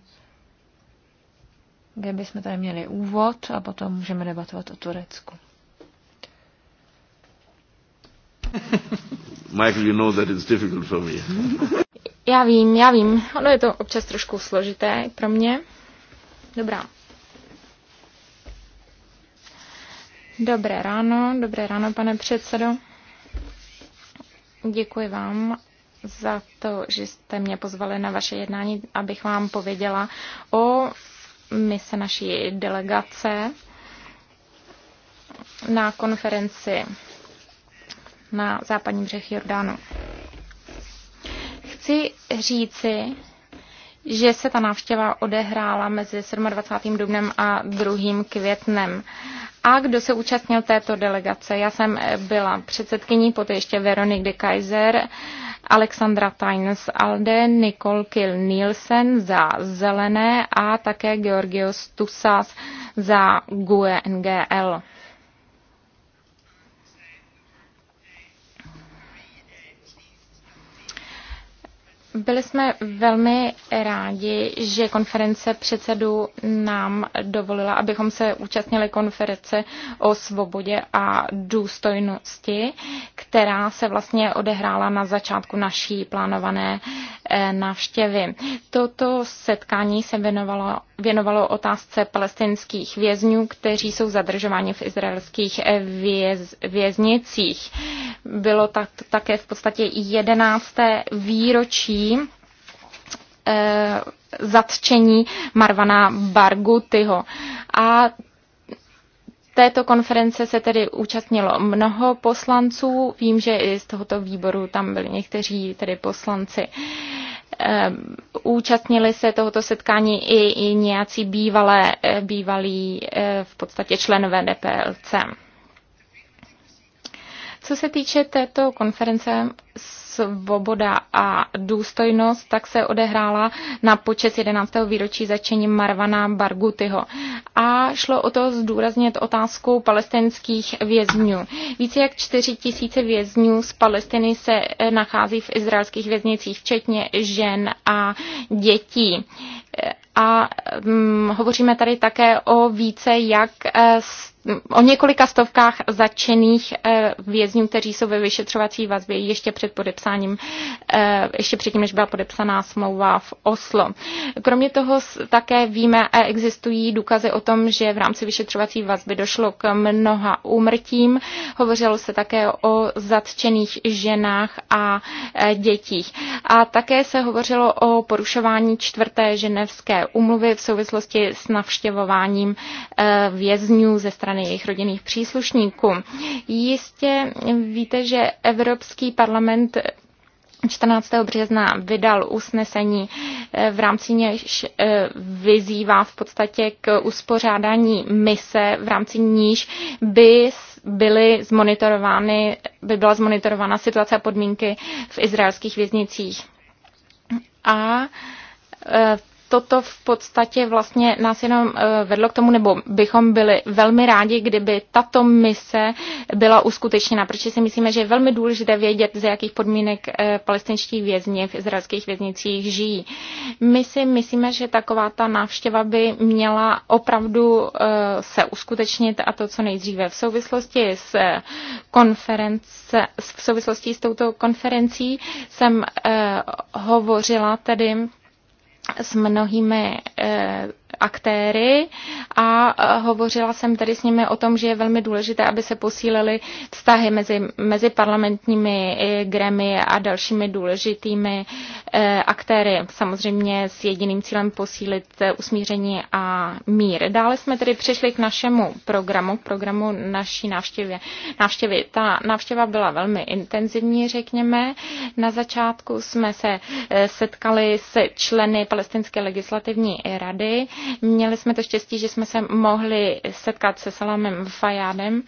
kde bychom tady měli úvod a potom můžeme debatovat o Turecku. Michael, you know that it's difficult for me. já vím, já vím. Ono je to občas trošku složité pro mě. Dobrá. Dobré ráno, dobré ráno, pane předsedo. Děkuji vám za to, že jste mě pozvali na vaše jednání, abych vám pověděla o mise naší delegace na konferenci na západním břeh Jordánu. Chci říci, že se ta návštěva odehrála mezi 27. dubnem a 2. květnem. A kdo se účastnil této delegace? Já jsem byla předsedkyní, poté ještě Veronik de Kaiser, Alexandra Tynes Alde, Nicole Kill Nielsen za Zelené a také Georgios Tusas za GUE NGL. Byli jsme velmi rádi, že konference předsedů nám dovolila, abychom se účastnili konference o svobodě a důstojnosti, která se vlastně odehrála na začátku naší plánované návštěvy. Toto setkání se věnovalo, věnovalo otázce palestinských vězňů, kteří jsou zadržováni v izraelských věz, věznicích. Bylo tak, také v podstatě jedenácté výročí eh, zatčení Marvana Bargutyho. A této konference se tedy účastnilo mnoho poslanců. Vím, že i z tohoto výboru tam byli někteří tedy poslanci. Ehm, účastnili se tohoto setkání i, i nějací bývalé, eh, bývalí eh, v podstatě členové DPLC. Co se týče této konference, svoboda a důstojnost, tak se odehrála na počest 11. výročí začení Marvana Bargutyho. A šlo o to zdůraznit otázku palestinských vězňů. Více jak 4 tisíce vězňů z Palestiny se eh, nachází v izraelských věznicích, včetně žen a dětí. Eh, a hm, hovoříme tady také o více jak eh, o několika stovkách začených vězňů, kteří jsou ve vyšetřovací vazbě ještě před podepsáním podepsáním, eh, ještě předtím, než byla podepsaná smlouva v Oslo. Kromě toho také víme, existují důkazy o tom, že v rámci vyšetřovací vazby došlo k mnoha úmrtím. Hovořilo se také o zatčených ženách a eh, dětích. A také se hovořilo o porušování čtvrté ženevské umluvy v souvislosti s navštěvováním eh, vězňů ze strany jejich rodinných příslušníků. Jistě víte, že Evropský parlament 14. března vydal usnesení, eh, v rámci něž eh, vyzývá v podstatě k uspořádání mise, v rámci níž by byly zmonitorovány, by byla zmonitorována situace a podmínky v izraelských věznicích. A eh, toto v podstatě vlastně nás jenom eh, vedlo k tomu, nebo bychom byli velmi rádi, kdyby tato mise byla uskutečněna, protože si myslíme, že je velmi důležité vědět, ze jakých podmínek eh, palestinští vězni v izraelských věznicích žijí. My si myslíme, že taková ta návštěva by měla opravdu eh, se uskutečnit a to, co nejdříve v souvislosti s konference, v souvislosti s touto konferencí jsem hovořila tedy s mnohými eh, aktéry a e, hovořila jsem tady s nimi o tom, že je velmi důležité, aby se posílily vztahy mezi, mezi parlamentními e, gremy a dalšími důležitými e, aktéry. Samozřejmě s jediným cílem posílit usmíření a mír. Dále jsme tedy přišli k našemu programu, k programu naší návštěvě. návštěvy. Ta návštěva byla velmi intenzivní, řekněme. Na začátku jsme se setkali s členy palestinské legislativní rady. Měli jsme to štěstí, že jsme se mohli setkat se Salamem Fajádem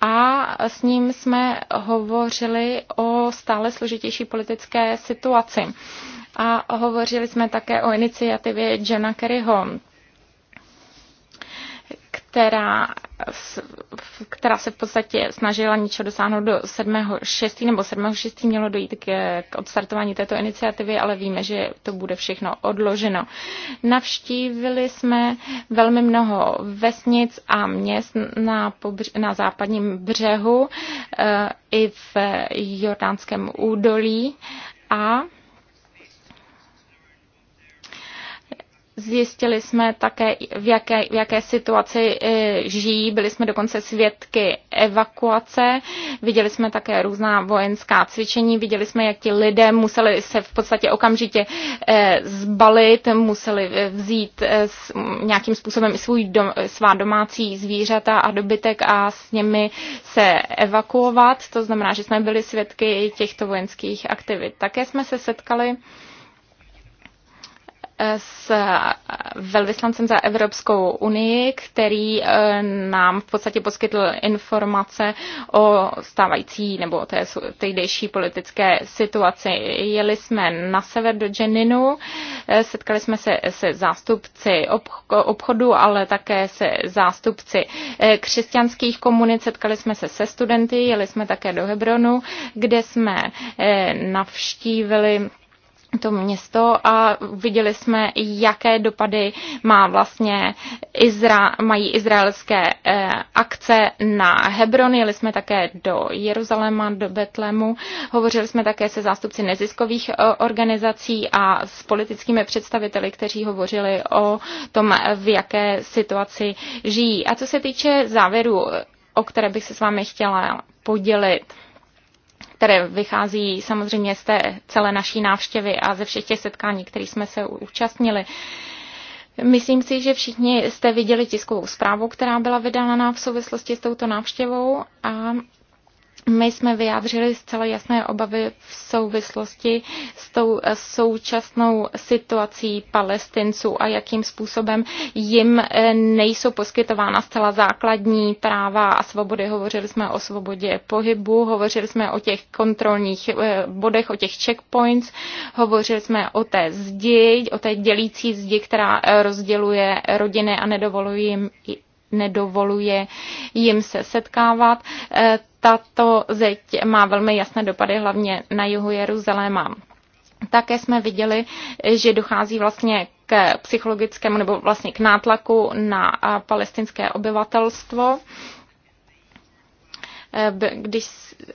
a s ním jsme hovořili o stále složitější politické situaci. A hovořili jsme také o iniciativě Johna Kerryho, která, která se v podstatě snažila něčeho dosáhnout do 7.6. nebo 7.6. mělo dojít k, k odstartování této iniciativy, ale víme, že to bude všechno odloženo. Navštívili jsme velmi mnoho vesnic a měst na, pobř- na západním břehu e, i v Jordánském údolí a Zjistili jsme také, v jaké, v jaké situaci e, žijí. Byli jsme dokonce svědky evakuace. Viděli jsme také různá vojenská cvičení. Viděli jsme, jak ti lidé museli se v podstatě okamžitě e, zbalit, museli e, vzít nějakým způsobem svůj dom, svá domácí zvířata a dobytek a s nimi se evakuovat. To znamená, že jsme byli svědky těchto vojenských aktivit. Také jsme se setkali s eh, velvyslancem za Evropskou unii, který eh, nám v podstatě poskytl informace o stávající nebo o té tehdejší politické situaci. Jeli jsme na sever do Dženinu, eh, setkali jsme se se zástupci obchodu, ale také se zástupci křesťanských komunit, setkali jsme se se studenty, jeli jsme také do Hebronu, kde jsme navštívili to město a viděli jsme, jaké dopady má vlastně Izra, mají izraelské eh, akce na Hebron. Jeli jsme také do Jeruzaléma, do Betlemu. Hovořili jsme také se zástupci neziskových eh, organizací a s politickými představiteli, kteří hovořili o tom, v jaké situaci žijí. A co se týče závěru, o které bych se s vámi chtěla podělit, které vychází samozřejmě z té celé naší návštěvy a ze všech těch setkání, které jsme se účastnili. Myslím si, že všichni jste viděli tiskovou zprávu, která byla vydána v souvislosti s touto návštěvou a my jsme vyjádřili zcela jasné obavy v souvislosti s tou eh, současnou situací palestinců a jakým způsobem jim eh, nejsou poskytována zcela základní práva a svobody. Hovořili jsme o svobodě pohybu, hovořili jsme o těch kontrolních eh, bodech, o těch checkpoints, hovořili jsme o té zdi, o té dělící zdi, která rozděluje rodiny a nedovoluje jim nedovoluje jim se setkávat tato zeď má velmi jasné dopady, hlavně na jihu Jeruzaléma. Také jsme viděli, že dochází vlastně k psychologickému nebo vlastně k nátlaku na palestinské obyvatelstvo. E, když,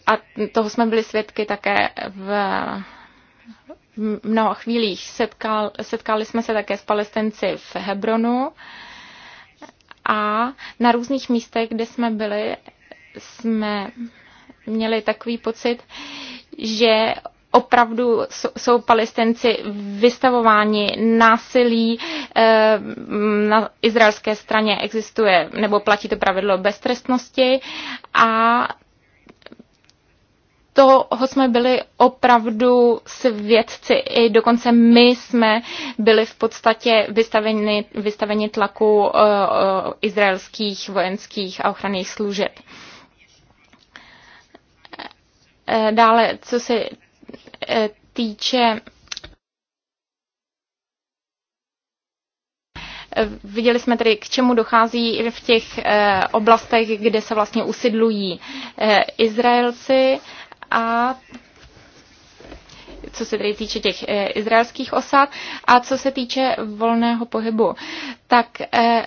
a toho jsme byli svědky také v mnoha chvílích. Setkal, setkali jsme se také s palestinci v Hebronu a na různých místech, kde jsme byli, jsme měli takový pocit, že opravdu jsou palestinci vystavováni násilí. Eh, na izraelské straně existuje nebo platí to pravidlo beztrestnosti a toho jsme byli opravdu svědci. I dokonce my jsme byli v podstatě vystaveni, vystaveni tlaku uh, uh, izraelských vojenských a ochranných služeb. Uh, Eh, dále, co se eh, týče eh, Viděli jsme tedy, k čemu dochází v těch oblastech, kde se vlastně usidlují Izraelci a co se tedy týče těch eh, izraelských osad a co se týče volného pohybu. Tak eh,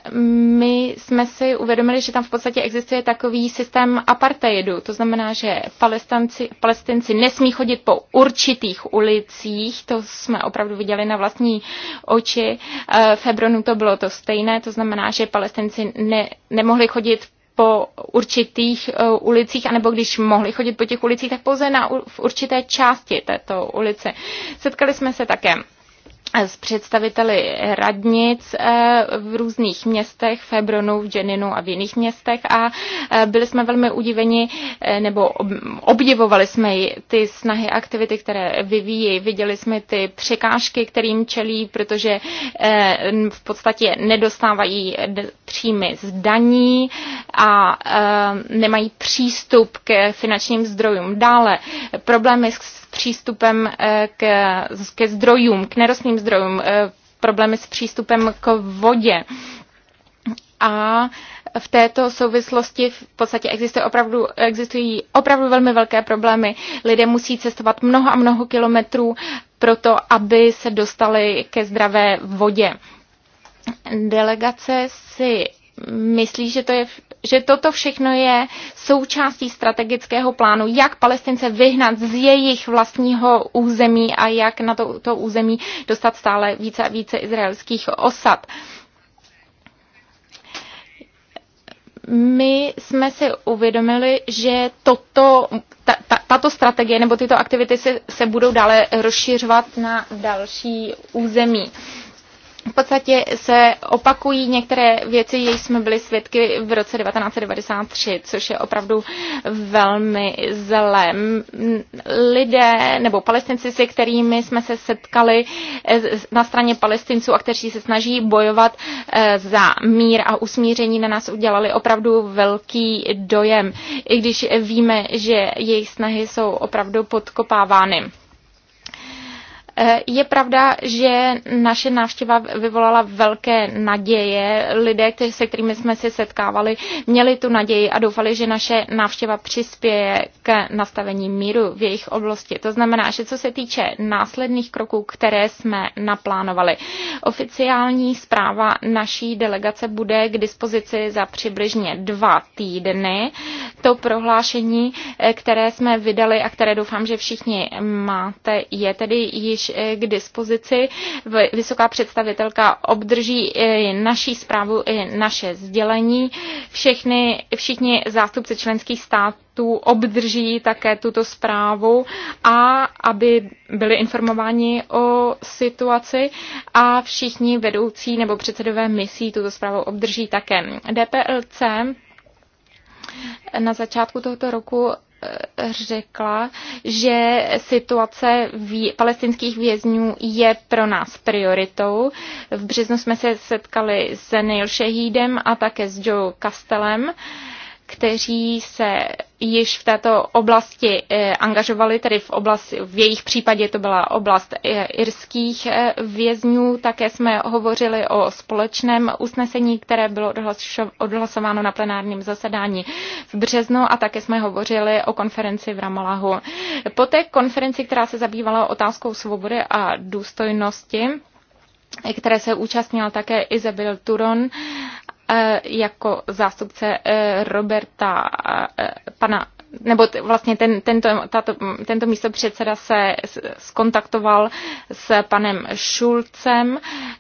my jsme si uvědomili, že tam v podstatě existuje takový systém apartheidu. To znamená, že palestinci, palestinci nesmí chodit po určitých ulicích. To jsme opravdu viděli na vlastní oči. Eh, v Hebronu to bylo to stejné. To znamená, že palestinci ne, nemohli chodit po určitých eh, ulicích, anebo když mohli chodit po těch ulicích, tak pouze na, v určité části této ulice. Setkali jsme se také s představiteli radnic eh, v různých městech, v Hebronu, v Dženinu a v jiných městech a eh, byli jsme velmi udiveni eh, nebo obdivovali jsme ty snahy, aktivity, které vyvíjí. Viděli jsme ty překážky, kterým čelí, protože v podstatě nedostávají příjmy z daní a nemají přístup k finančním zdrojům. Dále problémy s přístupem eh, k, ke zdrojům, k nerostným zdrojům, eh, problémy s přístupem k vodě. A v této souvislosti v podstatě existuje opravdu, existují opravdu velmi velké problémy. Lidé musí cestovat mnoho a mnoho kilometrů pro to, aby se dostali ke zdravé vodě. Delegace si myslí, že, to je, že toto všechno je součástí strategického plánu, jak palestince vyhnat z jejich vlastního území a jak na to, to území dostat stále více a více izraelských osad. my jsme si uvědomili, že toto, ta, ta, tato strategie nebo tyto aktivity se, se budou dále rozšiřovat na další území v podstatě se opakují některé věci, jež jsme byli svědky v roce 1993, což je opravdu velmi zlé. Lidé nebo palestinci, se kterými jsme se setkali eh, na straně palestinců a kteří se snaží bojovat eh, za mír a usmíření, na nás udělali opravdu velký dojem, i když víme, že jejich snahy jsou opravdu podkopávány. Eh, je pravda, že naše návštěva vyvolala velké naděje. Lidé, kteří, se kterými jsme se setkávali, měli tu naději a doufali, že naše návštěva přispěje k nastavení míru v jejich oblasti. To znamená, že co se týče následných kroků, které jsme naplánovali, oficiální zpráva naší delegace bude k dispozici za přibližně dva týdny. To prohlášení, eh, které jsme vydali a které doufám, že všichni máte, je tedy již již eh, k dispozici. Vysoká představitelka obdrží i eh, naší zprávu, i naše sdělení. Všechny, všichni zástupci členských států obdrží také tuto zprávu a aby byli informováni o situaci a všichni vedoucí nebo předsedové misí tuto zprávu obdrží také. DPLC na začátku tohoto roku Eh, řekla, že situace vý, palestinských vězňů je pro nás prioritou. V březnu jsme se setkali s Neil Shehidem a také s Joe Kastelem. Uh, kteří se již v této oblasti eh, angažovali, tedy v, oblasti v jejich případě to byla oblast eh, irských eh, vězňů. Také jsme hovořili o společném usnesení, které bylo odhlasováno na plenárním zasedání v březnu a také jsme hovořili o konferenci v Ramalahu. Po té konferenci, která se zabývala otázkou svobody a důstojnosti, které se účastnila také Isabel Turon E, jako zástupce e, Roberta, e, pana nebo vlastně ten, tento, tato, tento místo předseda se skontaktoval s panem Šulcem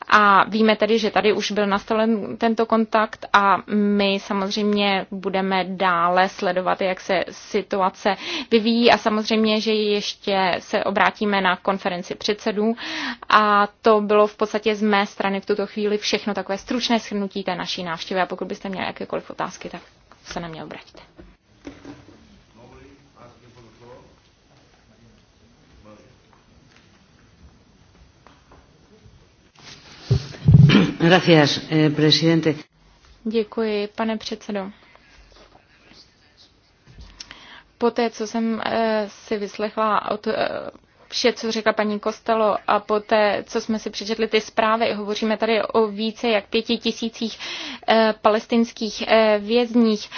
a víme tedy, že tady už byl nastolen tento kontakt a my samozřejmě budeme dále sledovat, jak se situace vyvíjí a samozřejmě, že ještě se obrátíme na konferenci předsedů a to bylo v podstatě z mé strany v tuto chvíli všechno takové stručné shrnutí té naší návštěvy a pokud byste měli jakékoliv otázky, tak se na mě obraťte. Gracias, eh, presidente. Děkuji, pane předsedo. té, co jsem eh, si vyslechla od eh, vše, co řekla paní Kostelo a po té, co jsme si přečetli ty zprávy, hovoříme tady o více jak pěti tisících eh, palestinských eh, vězních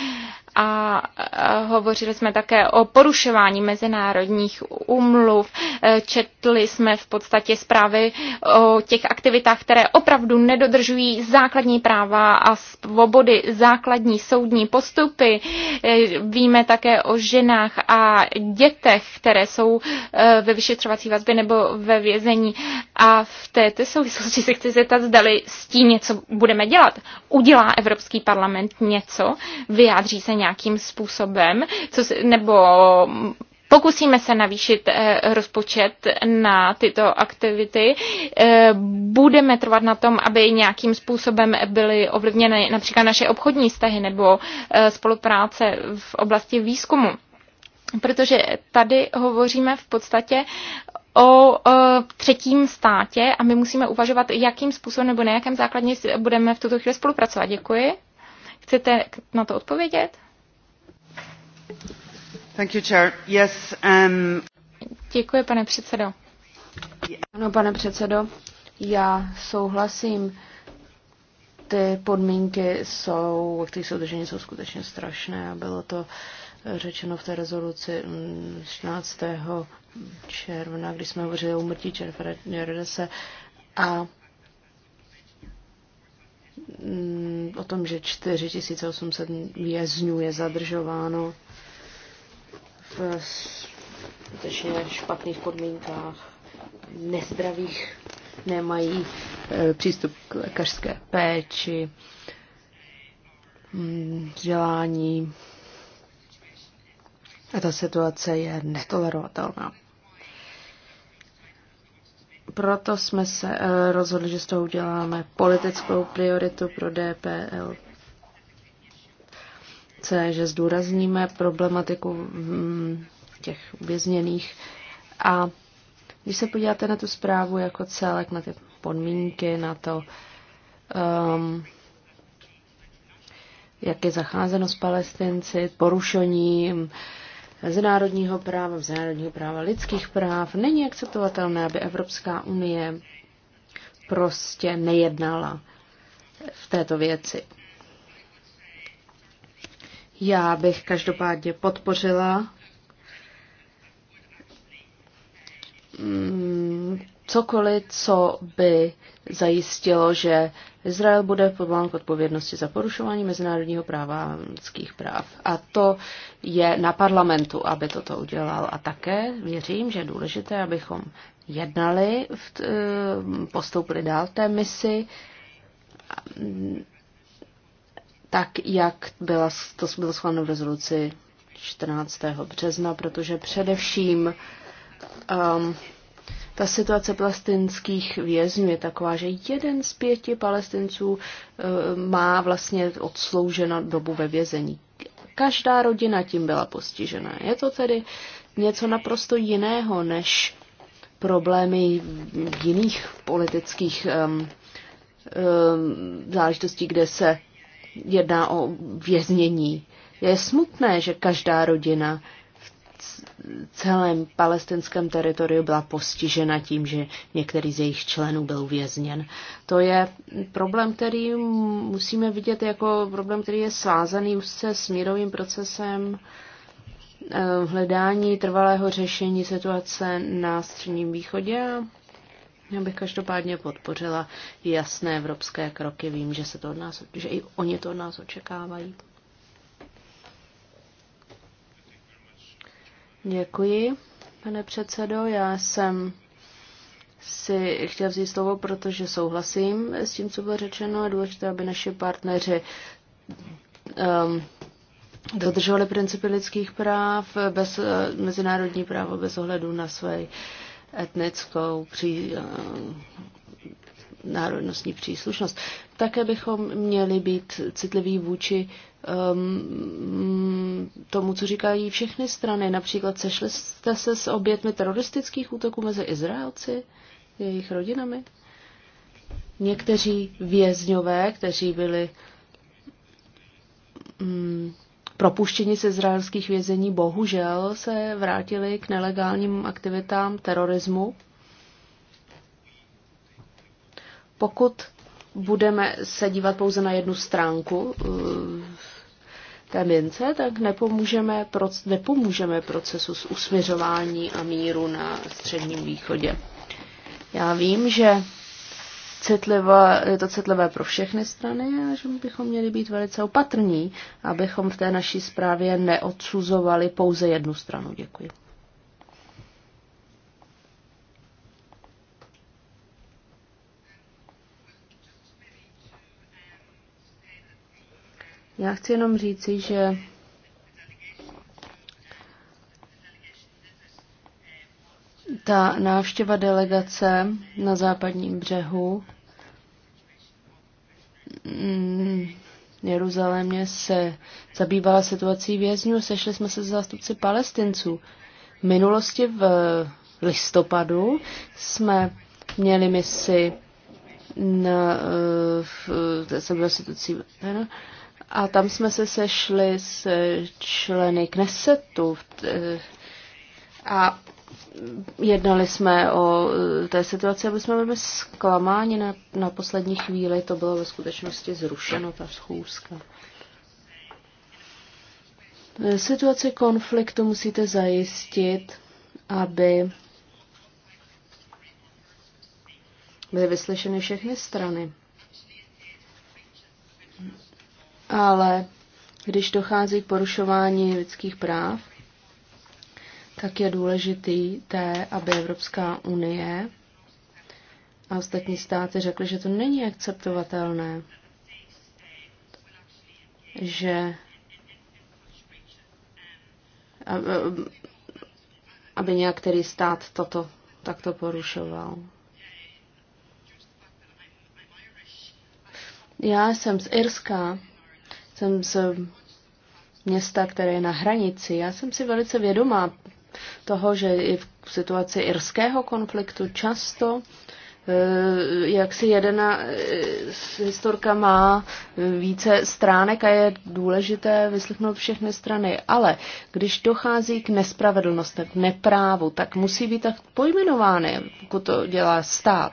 a hovořili jsme také o porušování mezinárodních umluv. E, četli jsme v podstatě zprávy o těch aktivitách, které opravdu nedodržují základní práva a svobody, základní soudní postupy. E, víme také o ženách a dětech, které jsou e, ve vyšetřovací vazbě nebo ve vězení. A v této souvislosti se chci zeptat, zdali s tím něco budeme dělat. Udělá Evropský parlament něco? Vyjádří se nějak nějakým způsobem, co, si, nebo pokusíme se navýšit eh, rozpočet na tyto aktivity. Eh, budeme trvat na tom, aby nějakým způsobem byly ovlivněny například naše obchodní stahy nebo eh, spolupráce v oblasti výzkumu. Protože tady hovoříme v podstatě o třetím státě a my musíme uvažovat, jakým způsobem nebo na jakém základně budeme v tuto chvíli spolupracovat. Děkuji. Chcete na to odpovědět? Um, Děkuji, pane předsedo. Ano, pane předsedo, já souhlasím. Ty podmínky jsou, které jsou drženy, jsou skutečně strašné a bylo to eh, řečeno v té rezoluci 16. Mm, června, kdy jsme hovořili o umrtí Čerfredese a Mm, o tom, že 4800 vězňů je zadržováno v skutečně špatných podmínkách, nezdravých, nemají e, přístup k lékařské péči, mm, vzdělání. A ta situace je netolerovatelná. Proto jsme se eh, rozhodli, že z toho uděláme politickou prioritu pro DPL. C, že zdůrazníme problematiku hm, těch vězněných. A když se podíváte na tu zprávu jako celek, na ty podmínky, na to, um, jak je zacházeno s palestinci, porušení hm, mezinárodního práva, mezinárodního práva lidských práv. Není akceptovatelné, aby Evropská unie prostě nejednala v této věci. Já bych každopádně podpořila mm, cokoliv, co by zajistilo, že Izrael bude podvolán k odpovědnosti za porušování mezinárodního práva a lidských práv. A to je na parlamentu, aby toto udělal. A také věřím, že je důležité, abychom jednali, v, eh, postoupili dál té misi, tak jak byla, to bylo schváleno v rezoluci 14. března, protože především um, ta situace palestinských vězňů je taková, že jeden z pěti palestinců eh, má vlastně odslouženo dobu ve vězení. Každá rodina tím byla postižena. Je to tedy něco naprosto jiného než problémy jiných politických um, um, záležitostí, kde se jedná o věznění. Je smutné, že každá rodina celém palestinském teritoriu byla postižena tím, že některý z jejich členů byl uvězněn. To je problém, který musíme vidět jako problém, který je svázaný už s mírovým procesem eh, hledání trvalého řešení situace na Středním východě. Já bych každopádně podpořila jasné evropské kroky. Vím, že, se to od nás, že i oni to od nás očekávají. Děkuji, pane předsedo. Já jsem si chtěl vzít slovo, protože souhlasím s tím, co bylo řečeno. Je důležité, aby naši partneři um, dodržovali principy lidských práv, bez, eh, mezinárodní právo bez ohledu na své etnickou pří, eh, národnostní příslušnost. Také bychom měli být citliví vůči um, mm, tomu, co říkají všechny strany. Například sešli jste se s obětmi teroristických útoků mezi Izraelci, jejich rodinami. Někteří vězňové, kteří byli um, propuštěni z izraelských vězení, bohužel se vrátili k nelegálním aktivitám terorismu pokud budeme se dívat pouze na jednu stránku eh, té mince, tak nepomůžeme, nepomůžeme procesu s usměřování a míru na Středním východě. Já vím, že citlivé, je to citlivé pro všechny strany a že bychom měli být velice opatrní, abychom v té naší zprávě neodsuzovali pouze jednu stranu. Děkuji. Já chci jenom říci, že ta návštěva delegace na západním břehu Jeruzalémě se zabývala situací vězňů, sešli jsme se s zástupci palestinců. V minulosti v listopadu jsme měli misi na, v, v, v, v, v, v, v, v, v a tam jsme se sešli s eh, členy Knesetu eh, a jednali jsme o eh, té situaci, aby jsme byli zklamáni na, na poslední chvíli. To bylo ve skutečnosti zrušeno, ta schůzka. situaci konfliktu musíte zajistit, aby byly vyslyšeny všechny strany. ale když dochází k porušování lidských práv, tak je důležitý té, aby Evropská unie a ostatní státy řekly, že to není akceptovatelné, že aby nějak který stát toto takto porušoval. Já jsem z Irska, jsem z města, které je na hranici. Já jsem si velice vědomá toho, že i v situaci irského konfliktu často eh, jak si jedna eh, historka má eh, více stránek a je důležité vyslechnout všechny strany. Ale když dochází k nespravedlnosti, k neprávu, tak musí být tak pojmenovány, pokud jako to dělá stát.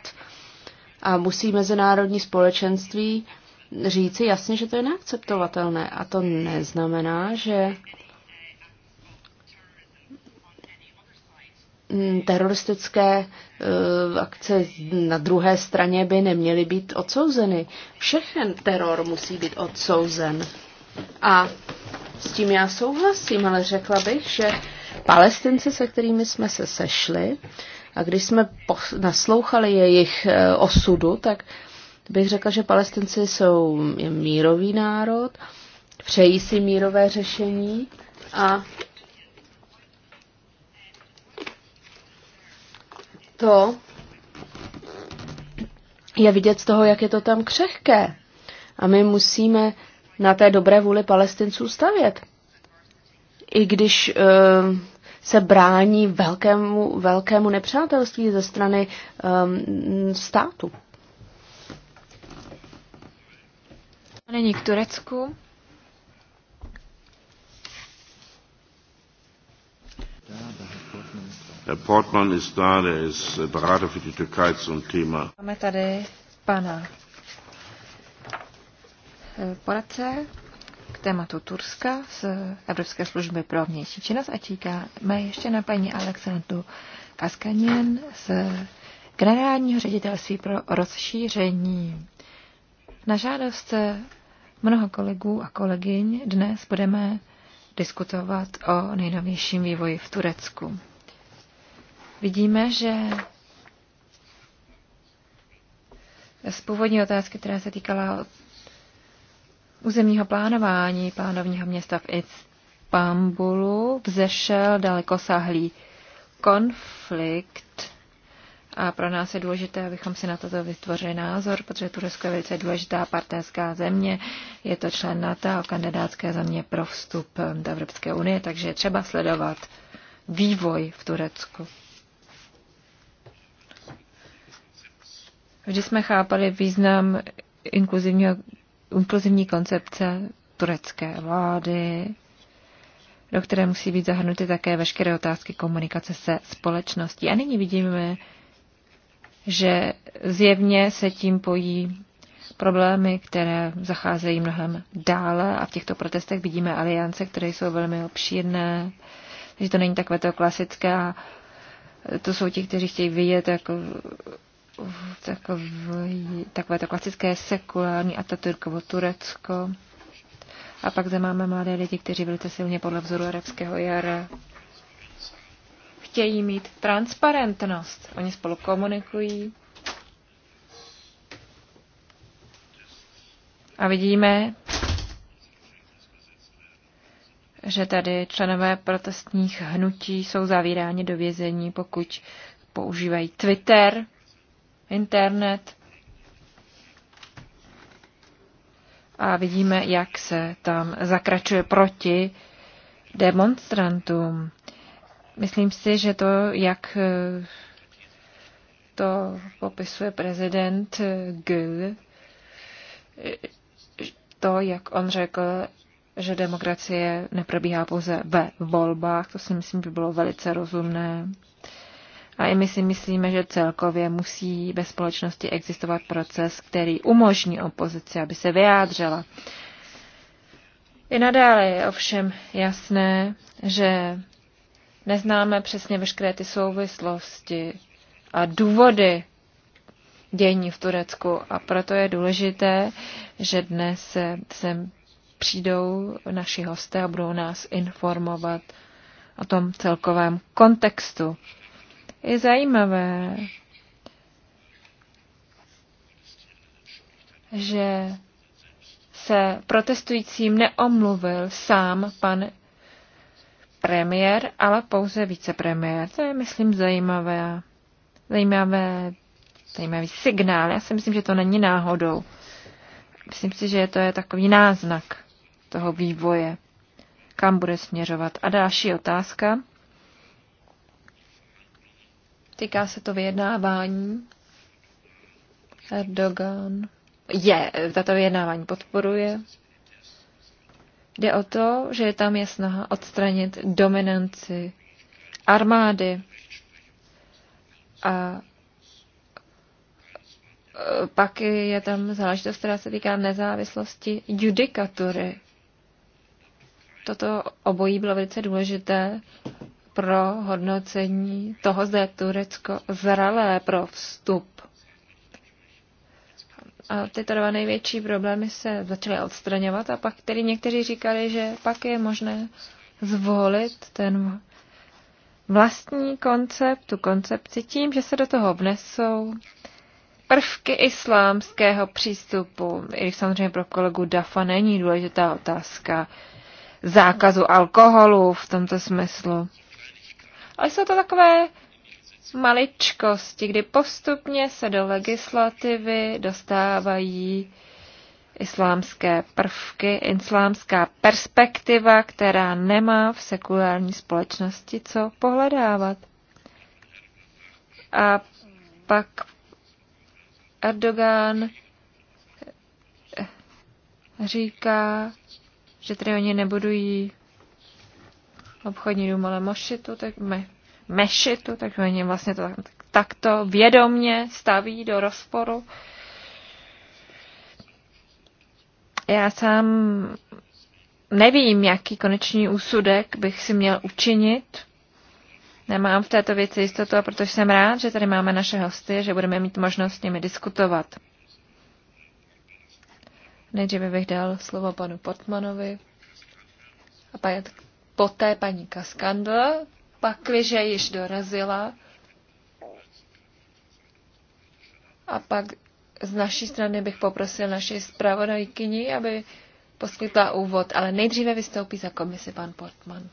A musí mezinárodní společenství říci jasně, že to je neakceptovatelné. A to neznamená, že mm, teroristické e, akce na druhé straně by neměly být odsouzeny. Všechen teror musí být odsouzen. A s tím já souhlasím, ale řekla bych, že palestinci, se kterými jsme se sešli, a když jsme naslouchali jejich e, osudu, tak bych řekla, že palestinci jsou mírový národ, přejí si mírové řešení a to je vidět z toho, jak je to tam křehké. A my musíme na té dobré vůli palestinců stavět. I když uh, se brání velkému, velkému nepřátelství ze strany um, státu. Nyní k Turecku. Herr Portman ist da, der ist äh, Berater für die Türkei zum Thema. Máme tady pana äh, poradce k tématu Turska z Evropské služby pro vnější činnost a čekáme ještě na paní Alexandru Kaskanin z Generálního ředitelství pro rozšíření. Na žádost mnoho kolegů a kolegyň dnes budeme diskutovat o nejnovějším vývoji v Turecku. Vidíme, že z původní otázky, která se týkala územního plánování plánovního města v Istanbulu, vzešel dalekosáhlý konflikt a pro nás je důležité, abychom si na toto vytvořili názor, protože Turecko je velice důležitá partnerská země, je to člen NATO a kandidátské země pro vstup ehm, do Evropské unie, takže je třeba sledovat vývoj v Turecku. Vždy jsme chápali význam inkluzivního, inkluzivní koncepce turecké vlády, do které musí být zahrnuty také veškeré otázky komunikace se společností. A nyní vidíme, že zjevně se tím pojí problémy, které zacházejí mnohem dále a v těchto protestech vidíme aliance, které jsou velmi obšírné, že to není takové to klasické, to jsou ti, kteří chtějí vidět jako takové to klasické sekulární Atatürkovo Turecko. A pak zde máme mladé lidi, kteří velice silně podle vzoru arabského jara chtějí mít transparentnost. Oni spolu komunikují. A vidíme, že tady členové protestních hnutí jsou zavíráni do vězení, pokud používají Twitter, internet. A vidíme, jak se tam zakračuje proti demonstrantům. Myslím si, že to, jak eh, to popisuje prezident eh, Gül, eh, to, jak on řekl, že demokracie neprobíhá pouze ve volbách, to si myslím, by bylo velice rozumné. A i my si myslíme, že celkově musí ve společnosti existovat proces, který umožní opozici, aby se vyjádřila. I nadále je ovšem jasné, že neznáme přesně veškeré ty souvislosti a důvody dění v Turecku. A proto je důležité, že dnes sem přijdou naši hosté a budou nás informovat o tom celkovém kontextu. Je zajímavé, že se protestujícím neomluvil sám pan premiér, ale pouze vicepremiér. To je, myslím, zajímavé, zajímavé, zajímavý signál. Já si myslím, že to není náhodou. Myslím si, že to je takový náznak toho vývoje, kam bude směřovat. A další otázka. Týká se to vyjednávání. Erdogan je, tato vyjednávání podporuje. Jde o to, že je tam je snaha odstranit dominanci armády a e, pak je tam záležitost, která se týká nezávislosti judikatury. Toto obojí bylo velice důležité pro hodnocení toho, zda je Turecko zralé pro vstup a tyto dva největší problémy se začaly odstraňovat a pak tedy někteří říkali, že pak je možné zvolit ten vlastní koncept, tu koncepci tím, že se do toho vnesou prvky islámského přístupu. I když samozřejmě pro kolegu Dafa není důležitá otázka zákazu alkoholu v tomto smyslu. Ale jsou to takové maličkosti, kdy postupně se do legislativy dostávají islámské prvky, islámská perspektiva, která nemá v sekulární společnosti co pohledávat. A pak Erdogan říká, že tedy oni nebudují obchodní dům, ale mošitu, tak my mešitu, tak oni vlastně to takto vědomně staví do rozporu. Já sám nevím, jaký konečný úsudek bych si měl učinit. Nemám v této věci jistotu a protože jsem rád, že tady máme naše hosty, že budeme mít možnost s nimi diskutovat. Nejdříve bych dal slovo panu Potmanovi. a poté paní Kaskandl, pakliže již dorazila. A pak z naší strany bych poprosil naši zpravodajkyni, aby poskytla úvod, ale nejdříve vystoupí za komisi pan Portman.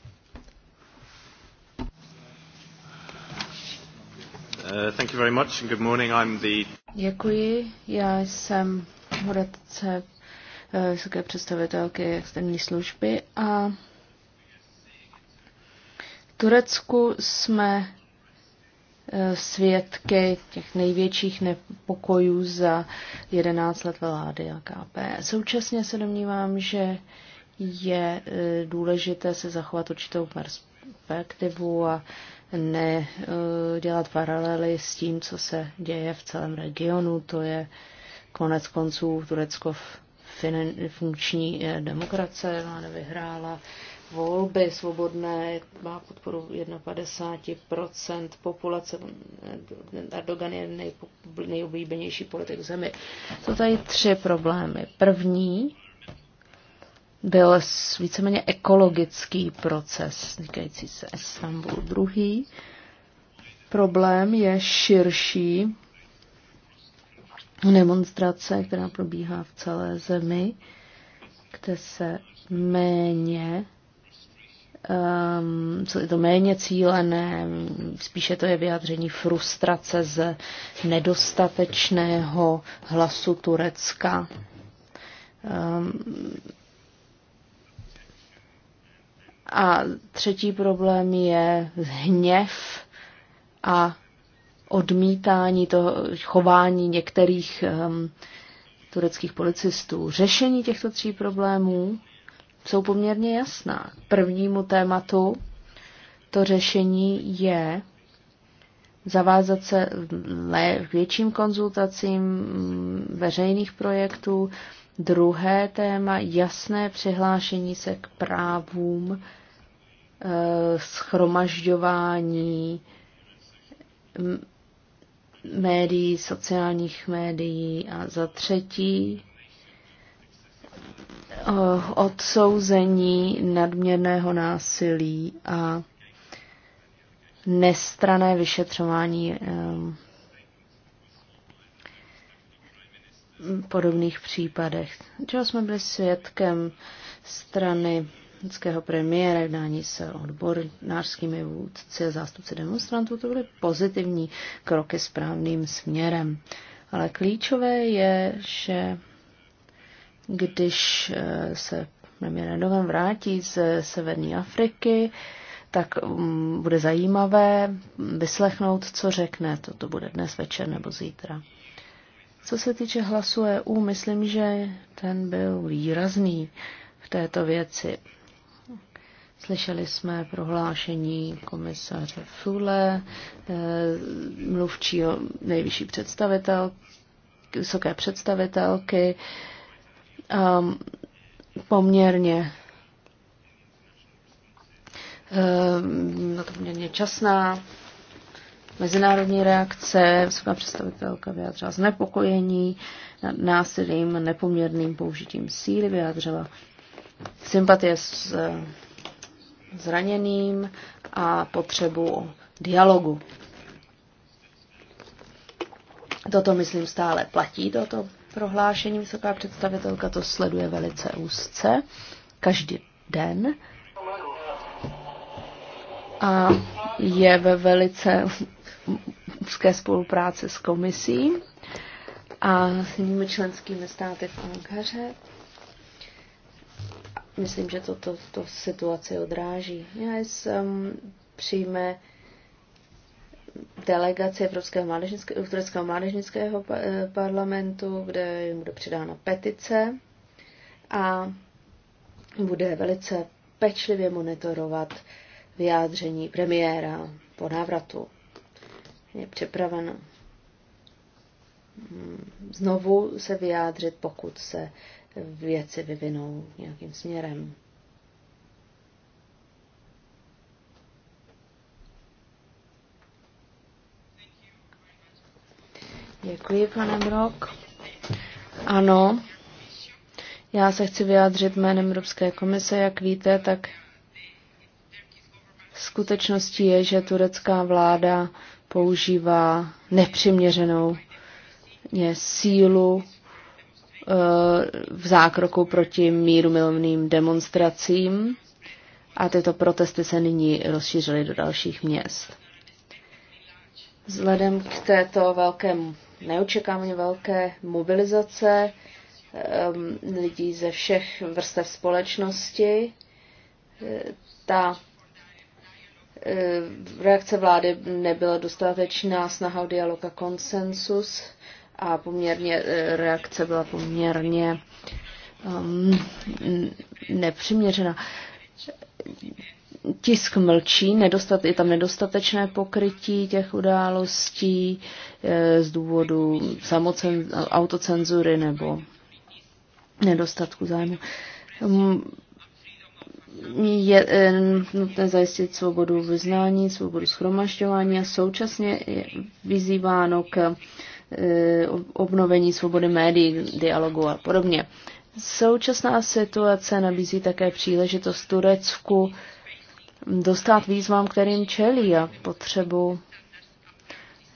Uh, thank you very much. Good morning. I'm the... Děkuji. Já jsem poradce eh, vysoké představitelky externí služby a Turecku jsme e, svědky těch největších nepokojů za 11 let vlády a KP. Současně se domnívám, že je e, důležité se zachovat určitou perspektivu a ne e, dělat paralely s tím, co se děje v celém regionu. To je konec konců Turecko funkční demokracie, ona nevyhrála volby svobodné má podporu 51% populace. Erdogan je nejoblíbenější politik v zemi. Jsou tady tři problémy. První byl víceméně ekologický proces týkající se Istanbul. Druhý problém je širší demonstrace, která probíhá v celé zemi, kde se méně um, je to méně cílené, spíše to je vyjádření frustrace z nedostatečného hlasu Turecka. Um, a třetí problém je hněv a odmítání toho chování některých um, tureckých policistů. Řešení těchto tří problémů jsou poměrně jasná. K prvnímu tématu to řešení je zavázat se k větším konzultacím veřejných projektů. Druhé téma, jasné přihlášení se k právům, e, schromažďování médií, sociálních médií a za třetí Eh, odsouzení nadměrného násilí a nestrané vyšetřování eh, podobných případech, čeho jsme byli svědkem strany českého premiéra, jednání se odbornářskými vůdci a zástupci demonstrantů, to byly pozitivní kroky správným směrem. Ale klíčové je, že když eh, se premiér Erdogan vrátí z eh, severní Afriky, tak mm, bude zajímavé vyslechnout, co řekne. To, to bude dnes večer nebo zítra. Co se týče hlasu EU, myslím, že ten byl výrazný v této věci. Slyšeli jsme prohlášení komisaře Fule, eh, mluvčího nejvyšší představitel, vysoké představitelky, um, poměrně um, ehm, na to poměrně časná mezinárodní reakce, vysoká představitelka vyjádřila znepokojení nad násilím, nepoměrným použitím síly, vyjádřila sympatie s zraněným a potřebu dialogu. Toto, myslím, stále platí, toto prohlášení vysoká představitelka to sleduje velice úzce, každý den. A je ve velice úzké spolupráci s komisí a s jinými členskými státy v Ankaře. Myslím, že toto to, to situaci odráží. Já jsem přijme delegaci Evropského mládežnického, tureckého mládežnického eh, parlamentu, kde jim bude přidána petice a bude velice pečlivě monitorovat vyjádření premiéra po návratu. Je připraveno mm, znovu se vyjádřit, pokud se věci vyvinou nějakým směrem. Děkuji, pane Brok. Ano, já se chci vyjádřit jménem Evropské komise, jak víte, tak skutečností je, že turecká vláda používá nepřiměřenou je, sílu eh, v zákroku proti míru milovným demonstracím a tyto protesty se nyní rozšířily do dalších měst. Vzhledem k této velkému neočekávaně velké mobilizace lidí ze všech vrstev společnosti. E, ta e, reakce vlády nebyla dostatečná, snaha o dialog a konsensus a poměrně e, reakce byla poměrně um, nepřiměřená tisk mlčí, nedostat, je tam nedostatečné pokrytí těch událostí e, z důvodu samocen, autocenzury nebo nedostatku zájmu. Mm, je e, nutné zajistit svobodu vyznání, svobodu schromažďování a současně je vyzýváno k e, obnovení svobody médií, dialogu a podobně. Současná situace nabízí také příležitost Turecku e, dostat výzvám, kterým čelí a potřebu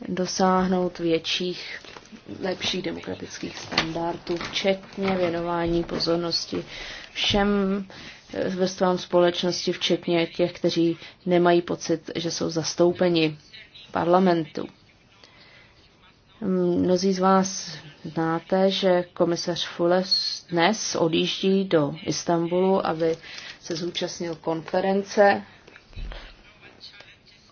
dosáhnout větších, lepších demokratických standardů, včetně věnování pozornosti všem eh, vrstvám společnosti, včetně těch, kteří nemají pocit, že jsou zastoupeni parlamentu. Mm, mnozí z vás znáte, že komisař Fules dnes odjíždí do Istanbulu, aby se zúčastnil konference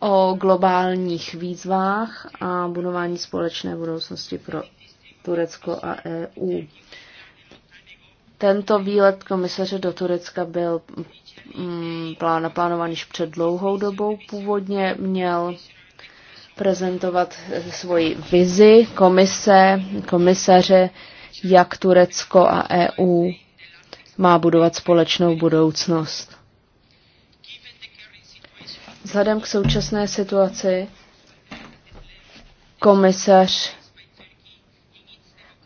o globálních výzvách a budování společné budoucnosti pro Turecko a EU. Tento výlet komisaře do Turecka byl mm, naplánovaný již před dlouhou dobou. Původně měl prezentovat svoji vizi komise, komisaře, jak Turecko a EU má budovat společnou budoucnost. Vzhledem k současné situaci komisař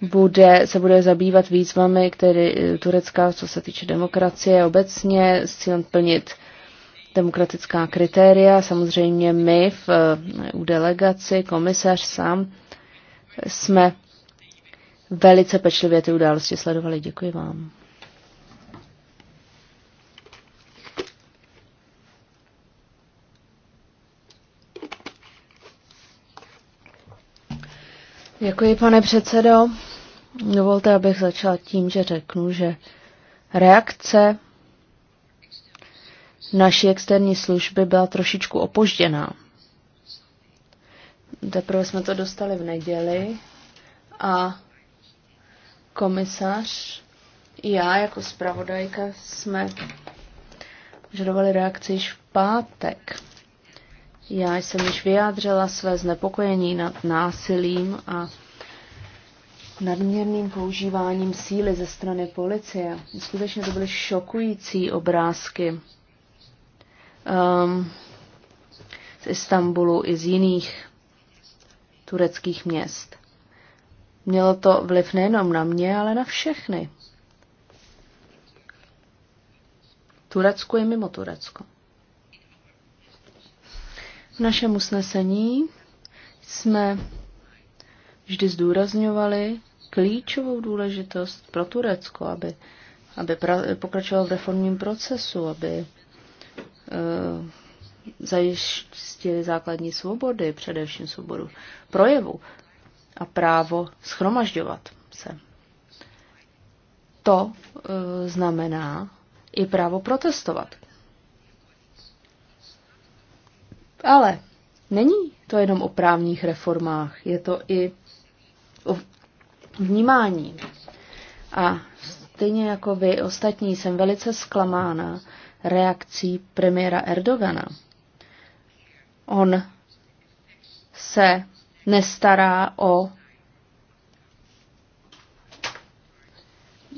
bude, se bude zabývat výzvami který, eh, Turecka, co se týče demokracie obecně, s cílem plnit demokratická kritéria. Samozřejmě my v eh, u delegaci, komisař sám, jsme velice pečlivě ty události sledovali. Děkuji vám. Děkuji, pane předsedo. Dovolte, abych začala tím, že řeknu, že reakce naší externí služby byla trošičku opožděná. Teprve jsme to dostali v neděli a komisař i já jako zpravodajka jsme požadovali reakci již v pátek. Já jsem již vyjádřila své znepokojení nad násilím a nadměrným používáním síly ze strany policie. Skutečně to byly šokující obrázky um, z Istanbulu i z jiných tureckých měst. Mělo to vliv nejenom na mě, ale na všechny. Turecko i mimo Turecko. V našem usnesení jsme vždy zdůrazňovali klíčovou důležitost pro Turecko, aby, aby pra, pokračoval v reformním procesu, aby e, zajistili základní svobody, především svobodu projevu a právo schromažďovat se. To e, znamená i právo protestovat. Ale není to jenom o právních reformách, je to i o vnímání. A stejně jako vy ostatní jsem velice zklamána reakcí premiéra Erdogana. On se nestará o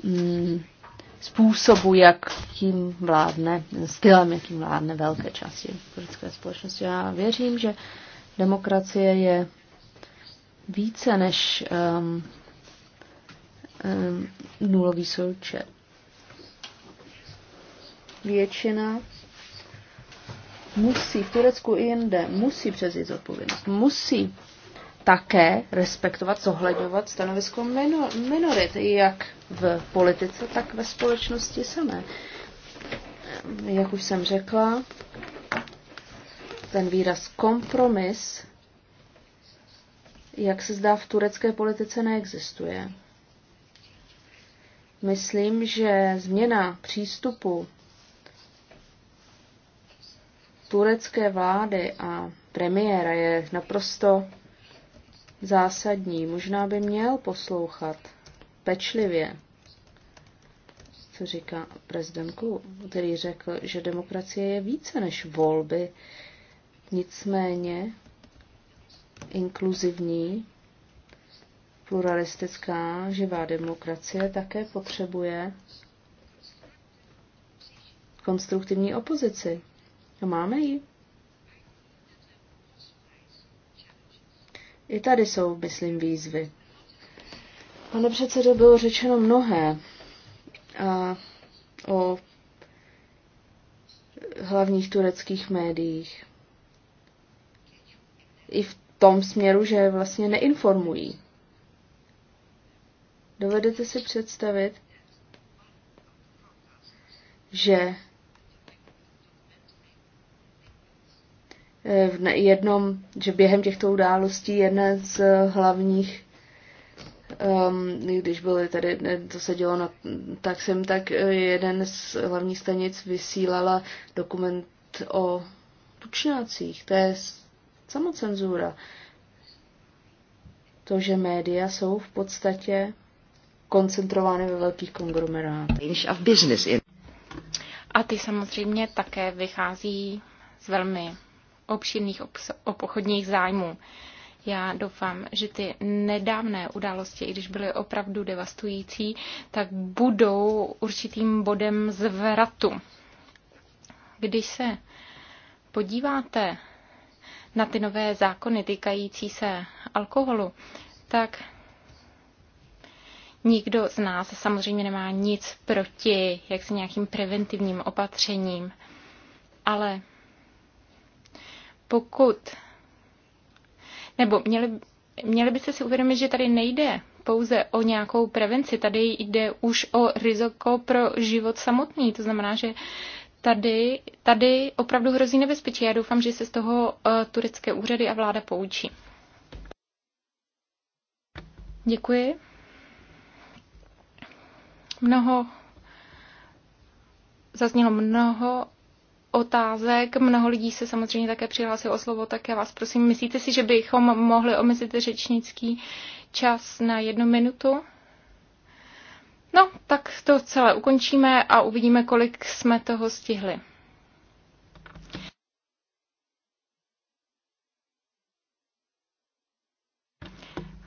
mm, způsobu, jak tím vládne, stylem, jakým vládne velké části politické společnosti. Já věřím, že demokracie je více než um, um, nulový součet. Většina musí v Turecku i jinde, musí přezít zodpovědnost, musí také respektovat, zohledňovat stanovisko minorit, jak v politice, tak ve společnosti samé. Jak už jsem řekla, ten výraz kompromis, jak se zdá, v turecké politice neexistuje. Myslím, že změna přístupu turecké vlády a premiéra je naprosto zásadní. Možná by měl poslouchat pečlivě, co říká prezident Klu, který řekl, že demokracie je více než volby, nicméně inkluzivní, pluralistická, živá demokracie také potřebuje konstruktivní opozici. A máme ji. I tady jsou, myslím, výzvy. Pane předsedo, bylo řečeno mnohé a o hlavních tureckých médiích. I v tom směru, že vlastně neinformují. Dovedete si představit, že Eh, v jednom, že během těchto událostí jedna z hlavních, um, když byly tady, to se dělo na, tak jsem tak eh, jeden z hlavních stanic vysílala dokument o tučňácích. To je samocenzura. To, že média jsou v podstatě koncentrovány ve velkých konglomerátech. A ty samozřejmě také vychází z velmi obširných obchodních zájmů. Já doufám, že ty nedávné události, i když byly opravdu devastující, tak budou určitým bodem zvratu. Když se podíváte na ty nové zákony týkající se alkoholu, tak nikdo z nás samozřejmě nemá nic proti jak se nějakým preventivním opatřením, ale pokud, nebo měli, měli byste si uvědomit, že tady nejde pouze o nějakou prevenci, tady jde už o riziko pro život samotný, to znamená, že tady, tady opravdu hrozí nebezpečí. Já doufám, že se z toho uh, turecké úřady a vláda poučí. Děkuji. Mnoho, zaznělo mnoho otázek. Mnoho lidí se samozřejmě také přihlásilo o slovo, tak já vás prosím, myslíte si, že bychom mohli omezit řečnický čas na jednu minutu? No, tak to celé ukončíme a uvidíme, kolik jsme toho stihli.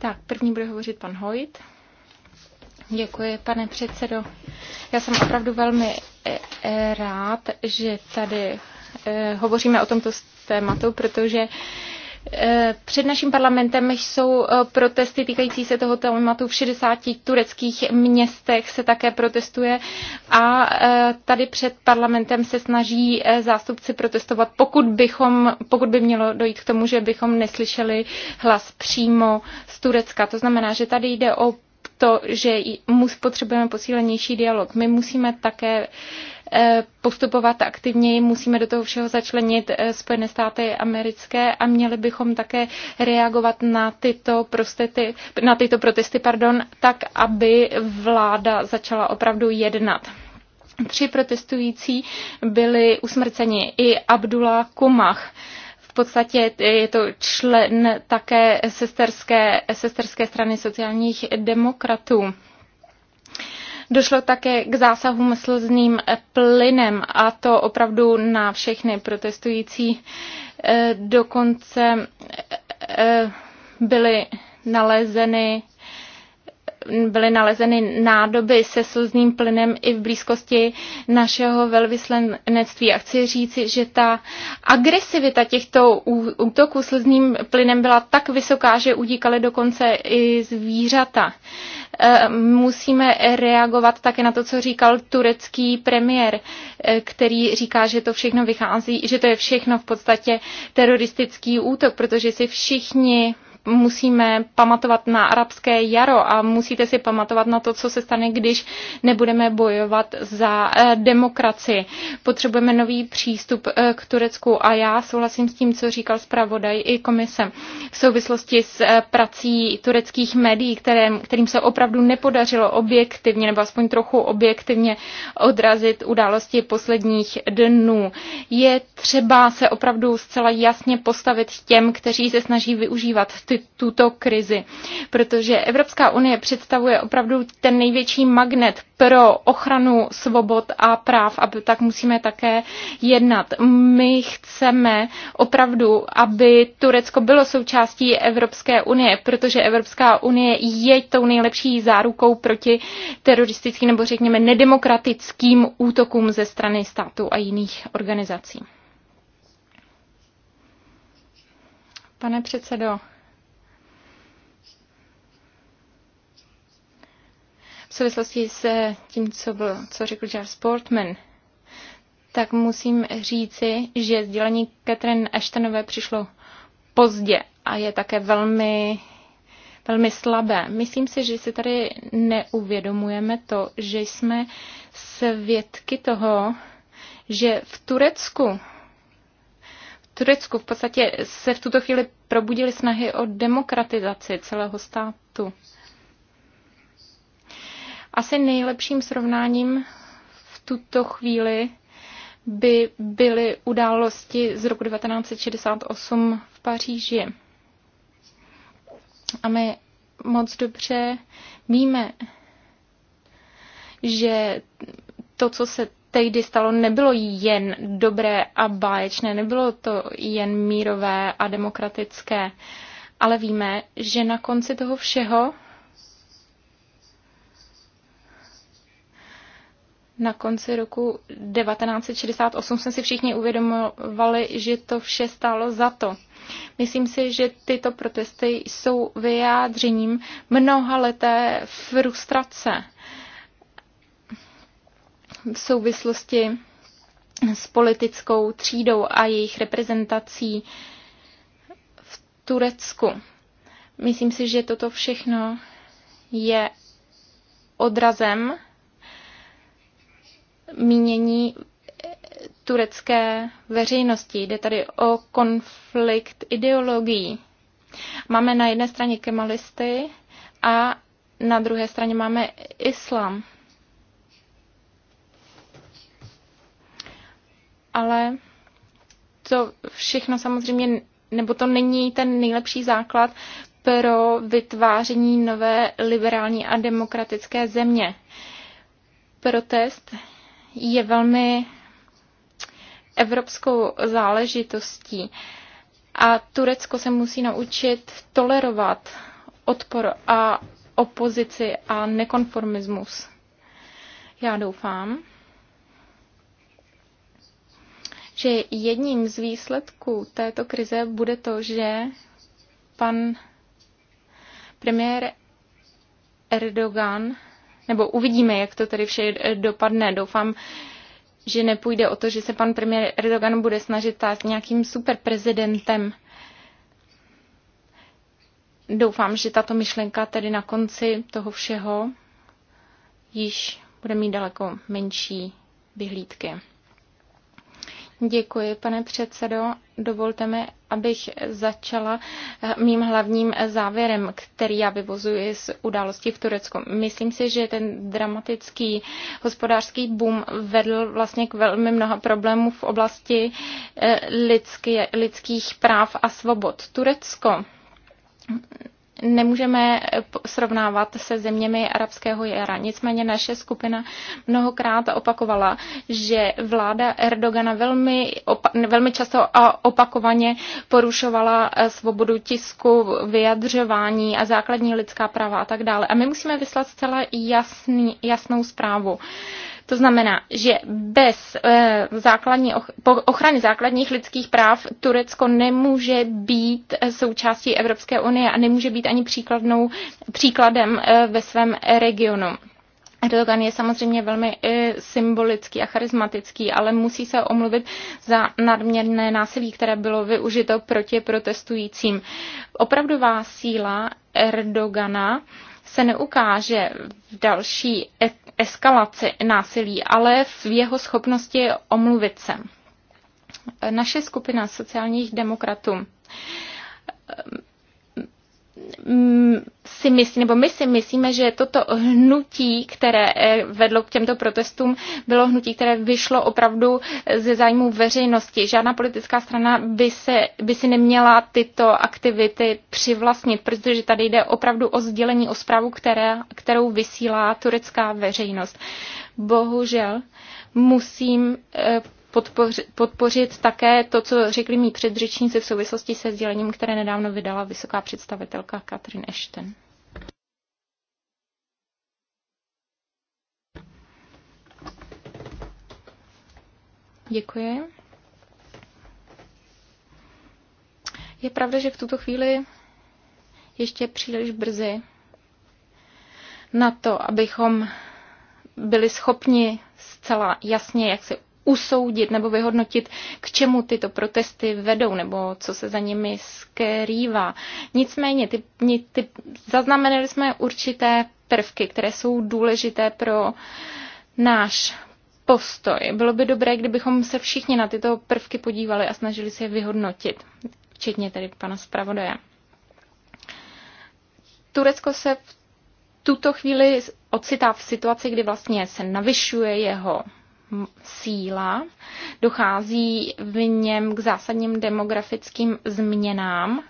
Tak, první bude hovořit pan Hojt. Děkuji, pane předsedo. Já jsem opravdu velmi eh, eh, rád, že tady eh, hovoříme o tomto tématu, protože před naším parlamentem jsou protesty týkající se toho tématu. V 60 tureckých městech se také protestuje a tady před parlamentem se snaží zástupci protestovat, pokud, bychom, pokud by mělo dojít k tomu, že bychom neslyšeli hlas přímo z Turecka. To znamená, že tady jde o to, že potřebujeme posílenější dialog. My musíme také eh, postupovat aktivněji, musíme do toho všeho začlenit eh, Spojené státy americké a měli bychom také reagovat na tyto, prostety, na tyto protesty pardon, tak, aby vláda začala opravdu jednat. Tři protestující byli usmrceni i Abdullah Kumach podstatě je to člen také sesterské, sesterské strany sociálních demokratů. Došlo také k zásahům slzným plynem a to opravdu na všechny protestující. E, dokonce e, e, byly nalezeny byly nalezeny nádoby se slzným plynem i v blízkosti našeho velvyslanectví. A chci říci, že ta agresivita těchto útoků slzným plynem byla tak vysoká, že udíkaly dokonce i zvířata e, musíme reagovat také na to, co říkal turecký premiér, e, který říká, že to všechno vychází, že to je všechno v podstatě teroristický útok, protože si všichni musíme pamatovat na arabské jaro a musíte si pamatovat na to, co se stane, když nebudeme bojovat za eh, demokracii. Potřebujeme nový přístup eh, k Turecku a já souhlasím s tím, co říkal zpravodaj i komise v souvislosti s eh, prací tureckých médií, kterým, kterým se opravdu nepodařilo objektivně nebo aspoň trochu objektivně odrazit události posledních dnů. Je třeba se opravdu zcela jasně postavit těm, kteří se snaží využívat ty, tuto krizi, protože Evropská unie představuje opravdu ten největší magnet pro ochranu svobod a práv a tak musíme také jednat. My chceme opravdu, aby Turecko bylo součástí Evropské unie, protože Evropská unie je tou nejlepší zárukou proti teroristickým nebo řekněme nedemokratickým útokům ze strany státu a jiných organizací. Pane předsedo, v souvislosti se tím, co, bylo, co řekl Charles Portman, tak musím říci, že sdělení Catherine Ashtonové přišlo pozdě a je také velmi, velmi slabé. Myslím si, že si tady neuvědomujeme to, že jsme svědky toho, že v Turecku v Turecku v podstatě se v tuto chvíli probudily snahy o demokratizaci celého státu. Asi nejlepším srovnáním v tuto chvíli by byly události z roku 1968 v Paříži. A my moc dobře víme, že to, co se tehdy stalo, nebylo jen dobré a báječné, nebylo to jen mírové a demokratické, ale víme, že na konci toho všeho na konci roku 1968 jsme si všichni uvědomovali, že to vše stálo za to. Myslím si, že tyto protesty jsou vyjádřením mnoha leté frustrace v souvislosti s politickou třídou a jejich reprezentací v Turecku. Myslím si, že toto všechno je odrazem mínění turecké veřejnosti. Jde tady o konflikt ideologií. Máme na jedné straně kemalisty a na druhé straně máme islám. Ale to všechno samozřejmě, nebo to není ten nejlepší základ pro vytváření nové liberální a demokratické země. Protest je velmi evropskou záležitostí. A Turecko se musí naučit tolerovat odpor a opozici a nekonformismus. Já doufám, že jedním z výsledků této krize bude to, že pan premiér Erdogan nebo uvidíme, jak to tady vše eh, dopadne. Doufám, že nepůjde o to, že se pan premiér Erdogan bude snažit stát nějakým superprezidentem. Doufám, že tato myšlenka tedy na konci toho všeho již bude mít daleko menší vyhlídky. Děkuji, pane předsedo. Dovolte mi, abych začala eh, mým hlavním eh, závěrem, který já vyvozuji z události v Turecku. Myslím si, že ten dramatický hospodářský boom vedl vlastně k velmi mnoha problémů v oblasti eh, lidský, lidských práv a svobod. Turecko nemůžeme eh, srovnávat se zeměmi arabského jara. Nicméně naše skupina mnohokrát opakovala, že vláda Erdogana velmi, opa- velmi často a opakovaně porušovala eh, svobodu tisku, vyjadřování a základní lidská práva a tak dále. A my musíme vyslat zcela jasný, jasnou zprávu to znamená, že bez eh, základní, ochrany základních lidských práv Turecko nemůže být eh, součástí Evropské unie a nemůže být ani příkladnou, příkladem eh, ve svém regionu. Erdogan je samozřejmě velmi symbolický a charismatický, ale musí se omluvit za nadměrné násilí, které bylo využito proti protestujícím. Opravdová síla Erdogana se neukáže v další eskalaci násilí, ale v jeho schopnosti omluvit se. Naše skupina sociálních demokratů Mm, si myslí, nebo my si myslíme, že toto hnutí, které eh, vedlo k těmto protestům, bylo hnutí, které vyšlo opravdu ze zájmu veřejnosti. Žádná politická strana by, se, by si neměla tyto aktivity přivlastnit, protože tady jde opravdu o sdělení, o zprávu, které, kterou vysílá turecká veřejnost. Bohužel musím eh, podpořit, podpořit také to, co řekli mý předřečníci v souvislosti se sdělením, které nedávno vydala vysoká představitelka Katrin Ashton. Děkuji. Je pravda, že v tuto chvíli ještě příliš brzy na to, abychom byli schopni zcela jasně jak se usoudit nebo vyhodnotit, k čemu tyto protesty vedou nebo co se za nimi skrývá. Nicméně ty, ty, zaznamenali jsme určité prvky, které jsou důležité pro náš postoj. Bylo by dobré, kdybychom se všichni na tyto prvky podívali a snažili se je vyhodnotit, včetně tedy pana zpravodaje. Turecko se v tuto chvíli ocitá v situaci, kdy vlastně se navyšuje jeho síla. Dochází v něm k zásadním demografickým změnám.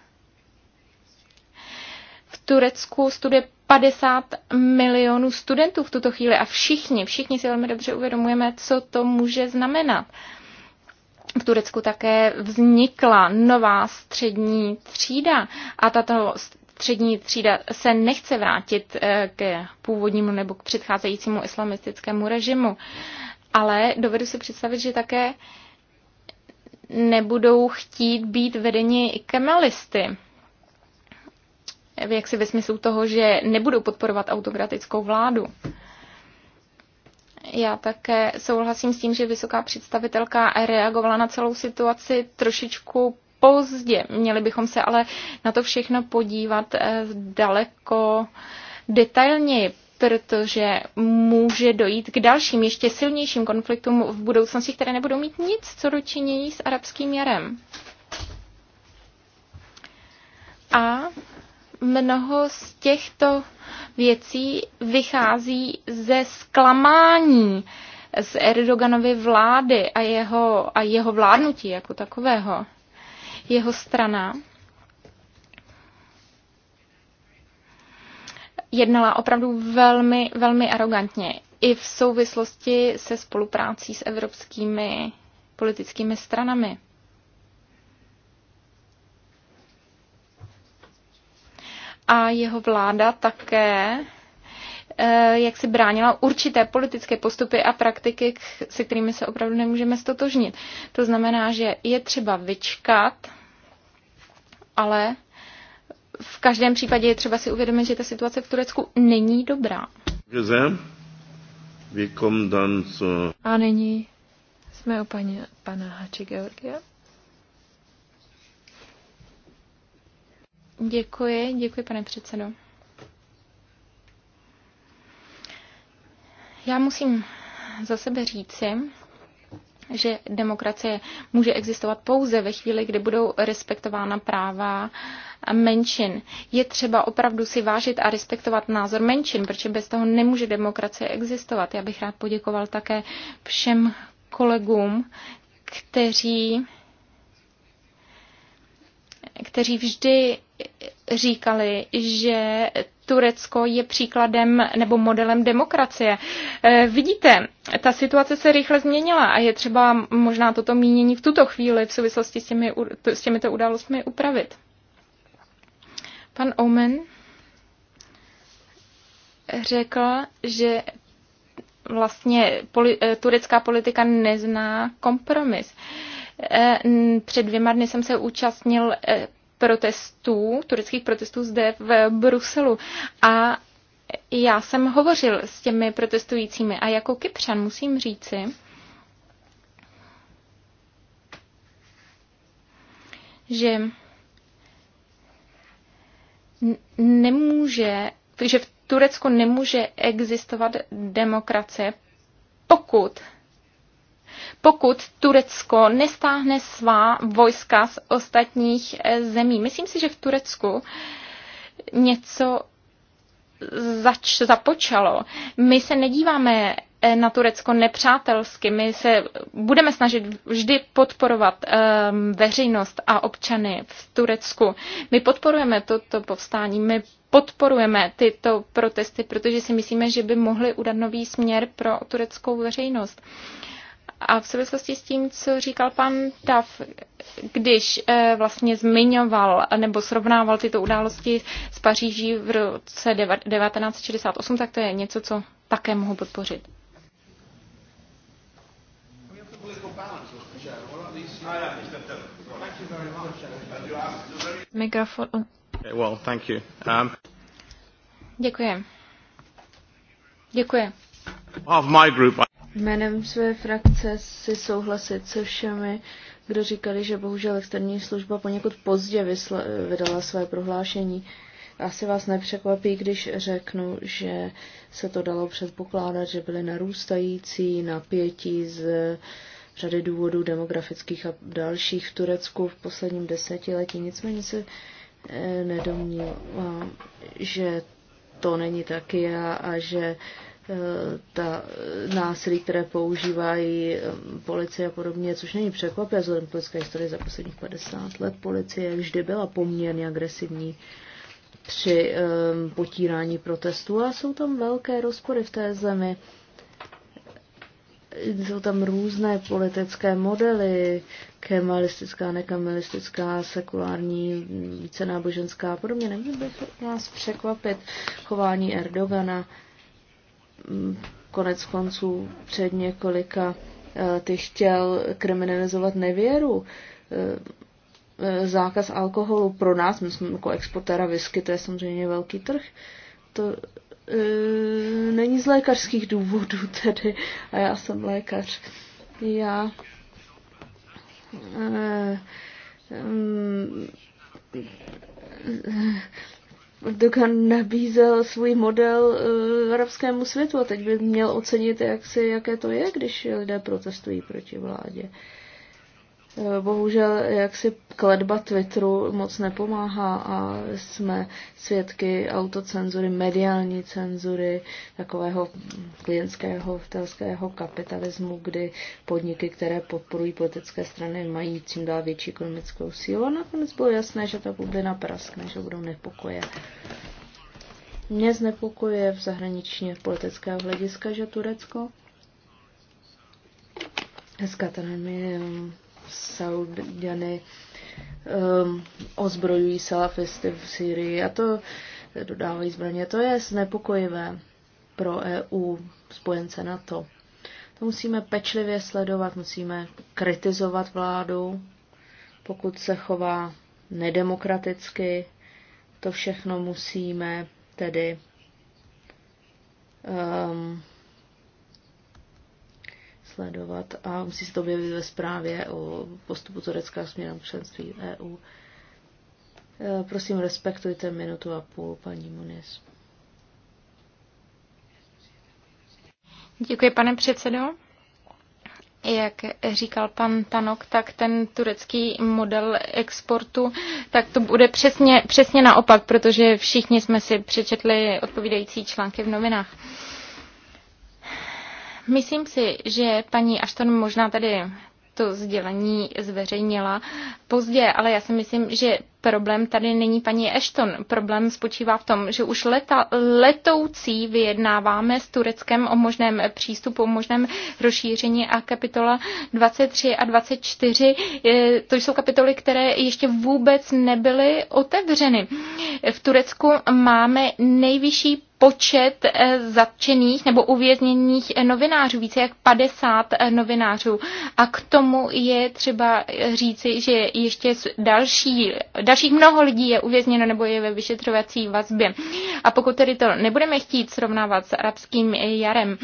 V Turecku studuje 50 milionů studentů v tuto chvíli a všichni, všichni si velmi dobře uvědomujeme, co to může znamenat. V Turecku také vznikla nová střední třída a tato střední třída se nechce vrátit eh, k původnímu nebo k předcházejícímu islamistickému režimu ale dovedu si představit, že také nebudou chtít být vedeni kemalisty. Jak si ve smyslu toho, že nebudou podporovat autokratickou vládu. Já také souhlasím s tím, že vysoká představitelka reagovala na celou situaci trošičku pozdě. Měli bychom se ale na to všechno podívat eh, daleko detailněji, protože může dojít k dalším, ještě silnějším konfliktům v budoucnosti, které nebudou mít nic co dočinění s arabským jarem. A mnoho z těchto věcí vychází ze zklamání z Erdoganovy vlády a jeho, a jeho vládnutí jako takového. Jeho strana jednala opravdu velmi, velmi arrogantně i v souvislosti se spoluprácí s evropskými politickými stranami. A jeho vláda také eh, jak si bránila určité politické postupy a praktiky, se kterými se opravdu nemůžeme stotožnit. To znamená, že je třeba vyčkat, ale v každém případě je třeba si uvědomit, že ta situace v Turecku není dobrá. A nyní jsme u paní, pana Hači Georgia. Děkuji, děkuji pane předsedo. Já musím za sebe říci, že demokracie může existovat pouze ve chvíli, kdy budou respektována práva menšin. Je třeba opravdu si vážit a respektovat názor menšin, protože bez toho nemůže demokracie existovat. Já bych rád poděkoval také všem kolegům, kteří kteří vždy říkali, že Turecko je příkladem nebo modelem demokracie. Eh, vidíte, ta situace se rychle změnila a je třeba možná toto mínění v tuto chvíli v souvislosti s, těmi, s těmito událostmi upravit. Pan Omen řekl, že vlastně poli, eh, turecká politika nezná kompromis. Eh, před dvěma dny jsem se účastnil protestů, tureckých protestů zde v Bruselu. A já jsem hovořil s těmi protestujícími a jako Kypřan musím říci, že nemůže, že v Turecku nemůže existovat demokracie, pokud pokud Turecko nestáhne svá vojska z ostatních eh, zemí. Myslím si, že v Turecku něco zač, započalo. My se nedíváme eh, na Turecko nepřátelsky. My se budeme snažit vždy podporovat um, veřejnost a občany v Turecku. My podporujeme toto povstání, my podporujeme tyto protesty, protože si myslíme, že by mohly udat nový směr pro tureckou veřejnost. Uh, a v souvislosti s tím, co říkal pan Dav, když eh, vlastně zmiňoval nebo srovnával tyto události z Paříží v roce 1968, tak to je něco, co také mohu podpořit. Mikrofon. Well, thank you. Um... Děkuji. Děkuji. Of my group, Jménem své frakce si souhlasit se všemi, kdo říkali, že bohužel externí služba poněkud pozdě vysla, vydala své prohlášení. Asi vás nepřekvapí, když řeknu, že se to dalo předpokládat, že byly narůstající napětí z řady důvodů demografických a dalších v Turecku v posledním desetiletí. Nicméně se eh, nedomnívám, že to není taky a, a že Eh, ta násilí, které používají eh, policie a podobně, což není překvapivé, vzhledem k politické historii za posledních 50 let. Policie vždy byla poměrně agresivní při um, potírání protestů a jsou tam velké rozpory v té zemi. Jsou tam různé politické modely, kemalistická, nekamalistická, sekulární, vícenáboženská a podobně. Nemělo by nás překvapit chování Erdogana Mm, konec konců před několika eh, ty chtěl kriminalizovat nevěru. Eh, eh, zákaz alkoholu pro nás, my jsme jako exportéra whisky, to je samozřejmě velký trh, to e, není z lékařských důvodů tedy, a já jsem lékař. Já e, Erdogan nabízel svůj model uh, arabskému světu a teď by měl ocenit, jak si, jaké to je, když lidé protestují proti vládě. Uh, Eh, bohužel, jak si kledba Twitteru moc nepomáhá a jsme svědky autocenzury, mediální cenzury, takového klientského vtelského kapitalismu, kdy podniky, které podporují politické strany, mají čím dál větší ekonomickou sílu. A nakonec bylo jasné, že ta bublina praskne, že budou nepokoje. Mě znepokojuje v zahraničně politického hlediska, že Turecko Dneska ta je eh, Saudiany um, ozbrojují salafisty v Syrii a to dodávají zbraně. To je znepokojivé pro EU, spojence NATO. To musíme pečlivě sledovat, musíme kritizovat vládu, pokud se chová nedemokraticky. To všechno musíme tedy um, sledovat a musí se to objevit ve zprávě o postupu Turecka směrem k členství EU. E, prosím, respektujte minutu a půl, paní Muniz. Děkuji, pane předsedo. Jak říkal pan Tanok, tak ten turecký model exportu, tak to bude přesně, přesně naopak, protože všichni jsme si přečetli odpovídající články v novinách. Uh, Myslím si, že paní Ashton možná tady to sdělení zveřejnila pozdě, ale já si myslím, že problém tady není paní Ashton. Problém spočívá v tom, že už leta, letoucí vyjednáváme s Tureckem o možném přístupu, o možném rozšíření a kapitola 23 a 24, eh, to jsou kapitoly, které ještě vůbec nebyly otevřeny. V Turecku máme nejvyšší počet eh, zatčených nebo uvězněných eh, novinářů, více jak 50 eh, novinářů. A k tomu je třeba říci, že ještě další, dalších mnoho lidí je uvězněno nebo je ve vyšetřovací vazbě. A pokud tedy to nebudeme chtít srovnávat s arabským jarem,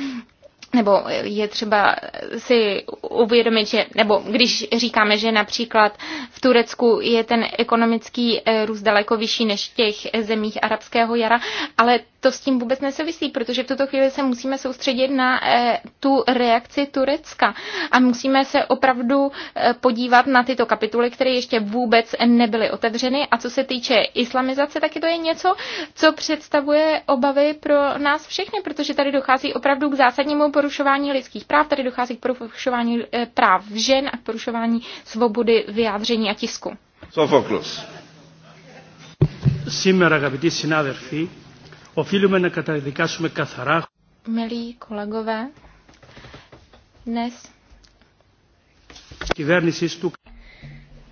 nebo je třeba si uvědomit, že, nebo když říkáme, že například v Turecku je ten ekonomický růst daleko vyšší než v těch zemích arabského jara, ale to s tím vůbec nesouvisí, protože v tuto chvíli se musíme soustředit na eh, tu reakci Turecka a musíme se opravdu eh, podívat na tyto kapituly, které ještě vůbec nebyly otevřeny. A co se týče islamizace, taky to je něco, co představuje obavy pro nás všechny, protože tady dochází opravdu k zásadnímu porušování lidských práv, tady dochází k porušování eh, práv žen a k porušování svobody vyjádření a tisku. Sofoklus. Σήμερα αγαπητοί συνάδελφοι, Οφείλουμε να καταδικάσουμε καθαρά. Milí kolegové, dnes κυβέρνησης του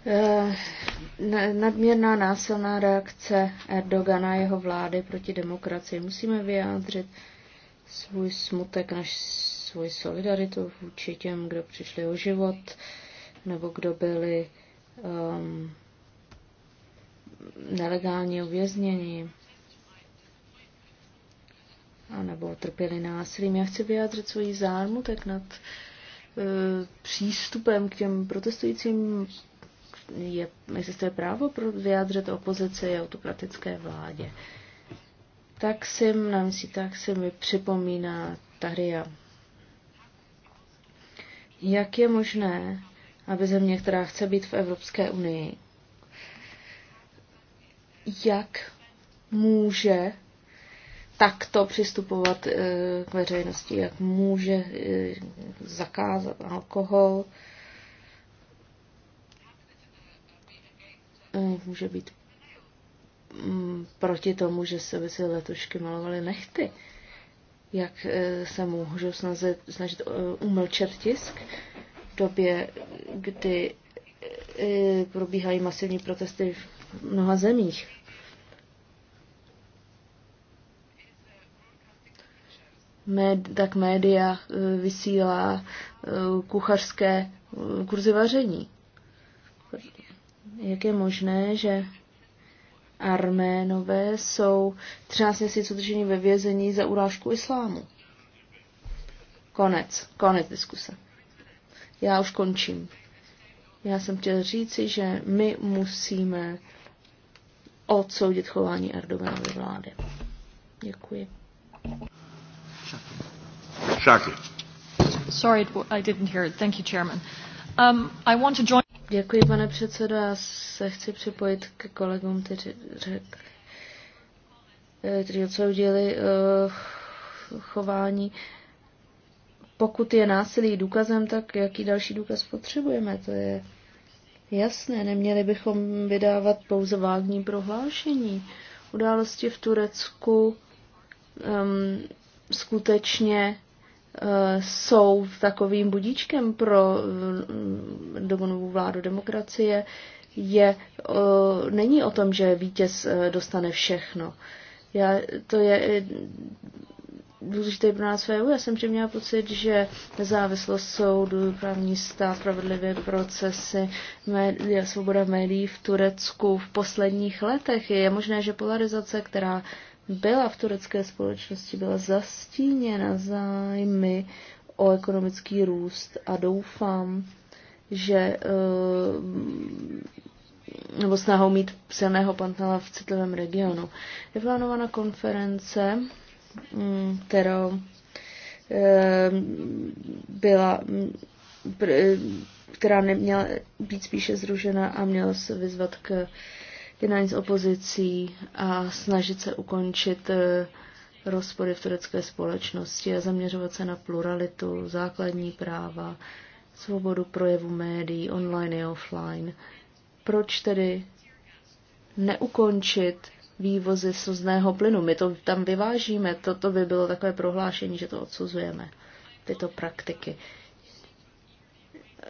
eh, nadměrná násilná reakce Erdogana a jeho vlády proti demokracii. Musíme vyjádřit svůj smutek, naš, svůj solidaritu vůči těm, kdo přišli o život, nebo kdo byli um, nelegálně uvězněni nebo trpěli násilím. Já chci vyjádřit svoji tak nad e, přístupem k těm protestujícím. Je, existuje právo pro vyjádřit opozici autokratické vládě. Tak si na si tak si mi připomíná Tahria. Jak je možné, aby země, která chce být v Evropské unii, jak může takto přistupovat eh, k veřejnosti, jak může eh, zakázat alkohol, eh, může být mm, proti tomu, že se by si letušky malovaly nechty. Jak se můžou snažit, snažit umlčet tisk v době, kdy probíhají masivní protesty v mnoha zemích. med, tak média eh, vysílá eh, kuchařské eh, kurzy vaření. Jak je možné, že Arménové jsou 13 měsíců drženi ve vězení za urážku islámu? Konec, konec diskuse. Já už končím. Já jsem chtěl říci, že my musíme odsoudit chování Erdoganovy vlády. Děkuji. Shaki. Sorry, I didn't hear it. Thank you, Chairman. Um, I want to join... Děkuji, pane předsedo. Já se chci připojit k kolegům, kteří řekli, kteří odsoudili uh, eh, chování. Pokud je násilí důkazem, tak jaký další důkaz potřebujeme? To je jasné. Neměli bychom vydávat pouze vágní prohlášení. Události v Turecku um, skutečně eh, jsou takovým budíčkem pro eh, domonovou vládu demokracie, je, eh, není o tom, že vítěz dostane všechno. Já, to je důležité pro nás v EU. Já jsem měla pocit, že nezávislost soudu, právní stát, spravedlivé procesy, média, svoboda médií v Turecku v posledních letech je možné, že polarizace, která byla v turecké společnosti, byla zastíněna zájmy o ekonomický růst a doufám, že eh, nebo snahou mít silného pantala v citlivém regionu. Je plánována konference, mm, kterou eh, byla, mm, která neměla být spíše zružena a měla se vyzvat k jednání s opozicí a snažit se ukončit eh, rozpory v turecké společnosti a zaměřovat se na pluralitu, základní práva, svobodu projevu médií, online i offline. Proč tedy neukončit vývozy slzného plynu? My to tam vyvážíme, toto by bylo takové prohlášení, že to odsuzujeme, tyto praktiky. Uh,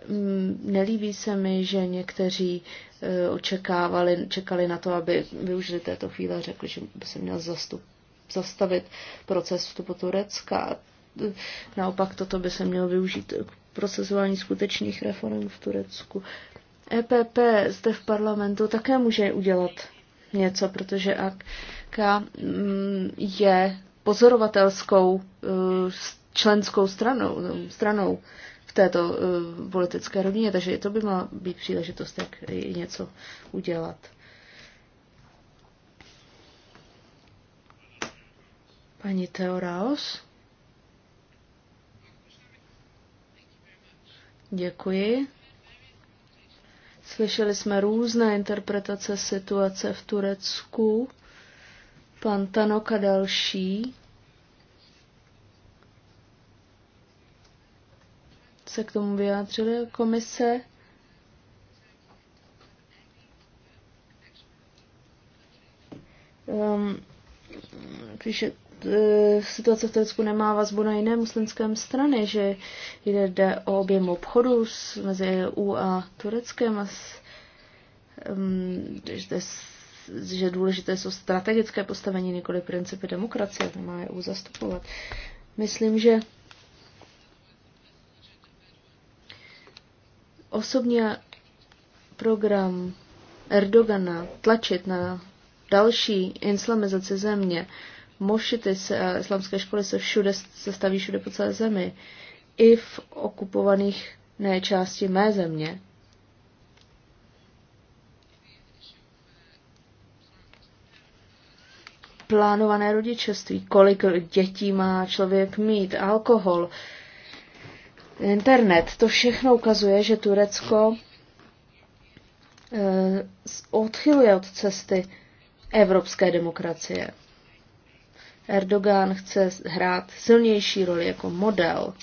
Mm, nelíbí se mi, že někteří eh, očekávali, čekali na to, aby využili této chvíle a řekli, že by se měl zastup, zastavit proces vstupu Turecka. Eh, naopak toto by se mělo využít k procesování skutečných reform v Turecku. EPP zde v parlamentu také může udělat něco, protože AK mm, je pozorovatelskou eh, členskou stranou, no, stranou této uh, politické rovině, takže to by měla být příležitost, jak i něco udělat. Paní Teoraos. Děkuji. Slyšeli jsme různé interpretace situace v Turecku. Pan Tanok a další se k tomu vyjádřili. Komise um, píše, e, situace v Turecku nemá vazbu na jiné muslimské strany, že jde o objem obchodu s, mezi EU a Tureckem a s, um, že, že důležité jsou strategické postavení, nikoli principy demokracie, to má EU zastupovat. Myslím, že osobně program Erdogana tlačit na další islamizaci země, mošity se, a eh, islamské školy se všude se staví všude po celé zemi, i v okupovaných ne části mé země. Plánované rodičovství, kolik dětí má člověk mít, alkohol, internet. To všechno ukazuje, že Turecko eh, odchyluje od cesty evropské demokracie. Erdogan chce hrát silnější roli jako model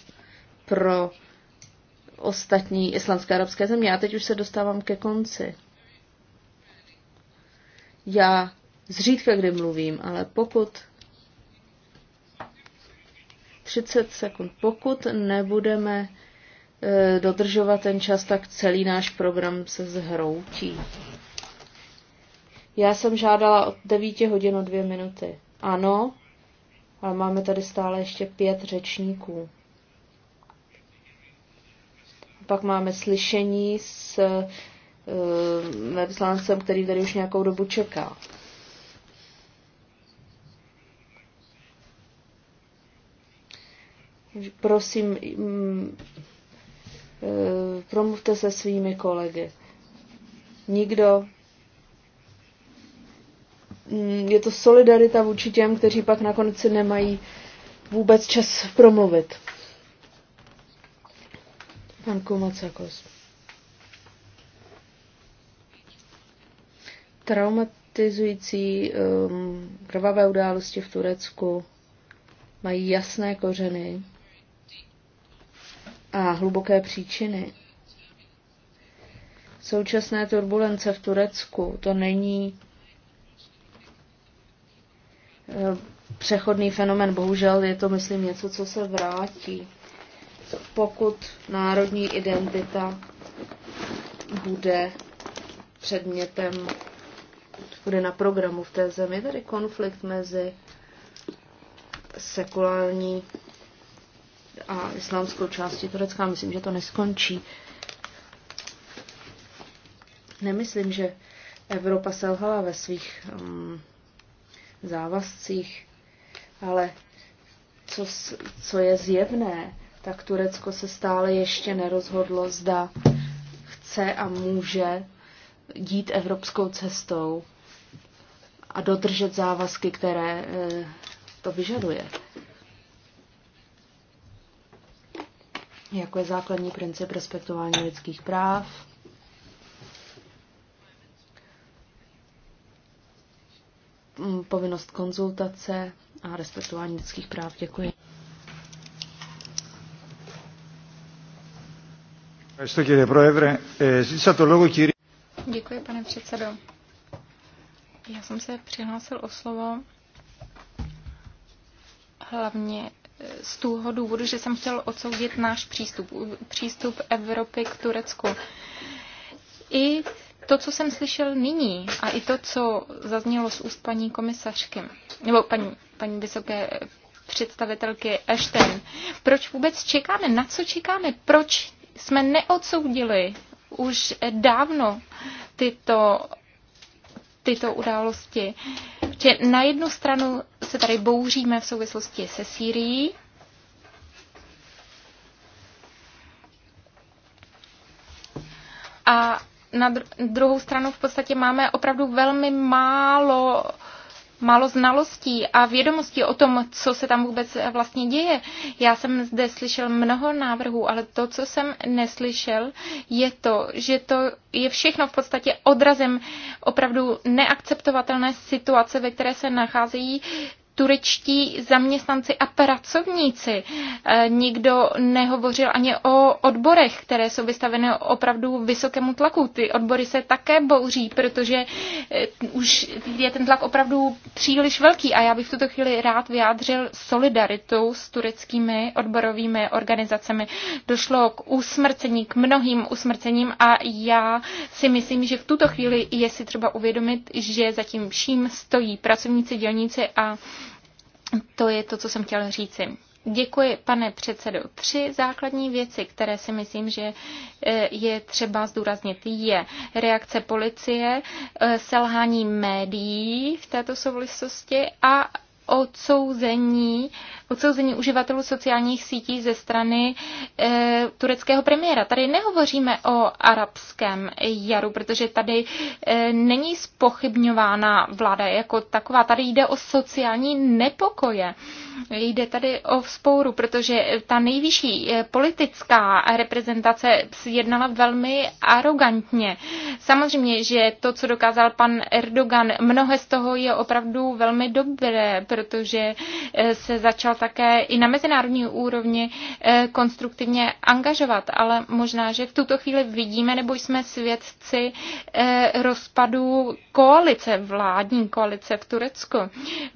pro ostatní islamské arabské země. A teď už se dostávám ke konci. Já zřídka kdy mluvím, ale pokud 30 sekund. Pokud nebudeme e, dodržovat ten čas, tak celý náš program se zhroutí. Já jsem žádala od 9 hodin o 2 minuty. Ano, ale máme tady stále ještě pět řečníků. Pak máme slyšení s e, e vyslancem, který tady už nějakou dobu čeká. Prosím, mm, eh, promluvte se svými kolegy. Nikdo. Mm, je to solidarita vůči těm, kteří pak nakonec si nemají vůbec čas promluvit. Pan Kumacakos. Traumatizující um, krvavé události v Turecku mají jasné kořeny a hluboké příčiny. Současné turbulence v Turecku to není eh, přechodný fenomen, bohužel je to, myslím, něco, co se vrátí. Pokud národní identita bude předmětem, bude na programu v té zemi, tedy konflikt mezi sekulární a islámskou části Turecka. Myslím, že to neskončí. Nemyslím, že Evropa selhala ve svých um, závazcích, ale co, co je zjevné, tak Turecko se stále ještě nerozhodlo, zda chce a může dít evropskou cestou a dodržet závazky, které eh, to vyžaduje. jako je základní princip respektování lidských práv, mm, povinnost konzultace a respektování lidských práv. Děkuji. Děkuji, pane předsedo. Já jsem se přihlásil o slovo hlavně z toho důvodu, že jsem chtěl odsoudit náš přístup, přístup Evropy k Turecku. I to, co jsem slyšel nyní a i to, co zaznělo z úst paní komisařky, nebo paní, paní vysoké představitelky Ashton, proč vůbec čekáme, na co čekáme, proč jsme neodsoudili už dávno tyto, tyto události. Že na jednu stranu se tady bouříme v souvislosti se Sýrií. A na druhou stranu v podstatě máme opravdu velmi málo málo znalostí a vědomostí o tom, co se tam vůbec vlastně děje. Já jsem zde slyšel mnoho návrhů, ale to, co jsem neslyšel, je to, že to je všechno v podstatě odrazem opravdu neakceptovatelné situace, ve které se nacházejí turečtí zaměstnanci a pracovníci. E, nikdo nehovořil ani o odborech, které jsou vystaveny opravdu vysokému tlaku. Ty odbory se také bouří, protože e, už je ten tlak opravdu příliš velký a já bych v tuto chvíli rád vyjádřil solidaritu s tureckými odborovými organizacemi. Došlo k usmrcení, k mnohým usmrcením a já si myslím, že v tuto chvíli je si třeba uvědomit, že zatím vším stojí pracovníci, dělníci a to je to, co jsem chtěla říci. Děkuji, pane předsedo. Tři základní věci, které si myslím, že eh, je třeba zdůraznit, je reakce policie, eh, selhání médií v této souvislosti a odsouzení, odsouzení uživatelů sociálních sítí ze strany e, tureckého premiéra. Tady nehovoříme o arabském jaru, protože tady e, není spochybňována vláda jako taková. Tady jde o sociální nepokoje. Jde tady o vzpouru, protože ta nejvyšší eh, politická reprezentace jednala velmi arrogantně. Samozřejmě, že to, co dokázal pan Erdogan, mnohé z toho je opravdu velmi dobré, protože eh, se začal také i na mezinárodní úrovni eh, konstruktivně angažovat, ale možná, že v tuto chvíli vidíme nebo jsme svědci eh, rozpadu koalice, vládní koalice v Turecku.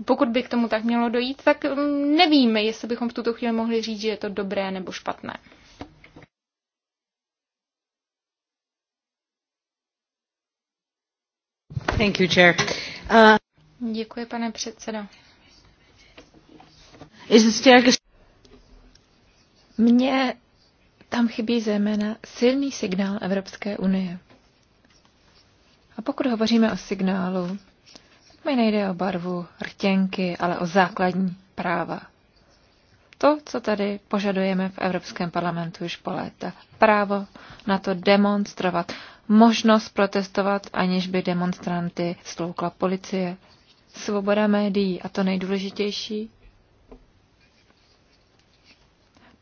Pokud by k tomu tak mělo dojít, tak mm, nevíme, jestli bychom v tuto chvíli mohli říct, že je to dobré nebo špatné. Thank you, Chair. Uh... Děkuji, pane předsedo. Mně tam chybí zejména silný signál Evropské unie. A pokud hovoříme o signálu, tak mi nejde o barvu rtěnky, ale o základní práva. To, co tady požadujeme v Evropském parlamentu už po léta. Právo na to demonstrovat, možnost protestovat, aniž by demonstranty stloukla policie, svoboda médií a to nejdůležitější,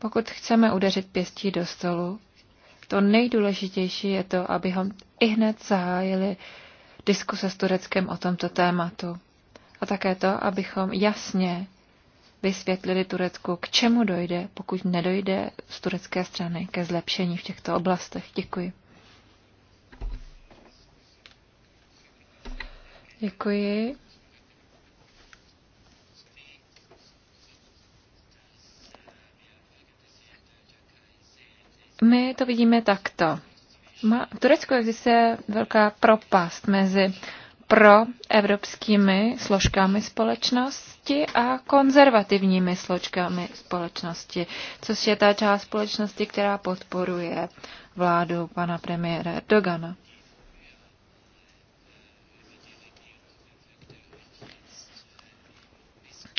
pokud chceme udeřit pěstí do stolu, to nejdůležitější je to, abychom i hned zahájili diskuse s Tureckem o tomto tématu. A také to, abychom jasně vysvětlili Turecku, k čemu dojde, pokud nedojde z turecké strany ke zlepšení v těchto oblastech. Děkuji. Děkuji. My to vidíme takto. V Turecku existuje velká propast mezi pro evropskými složkami společnosti a konzervativními složkami společnosti, což je ta část společnosti, která podporuje vládu pana premiéra Dogana?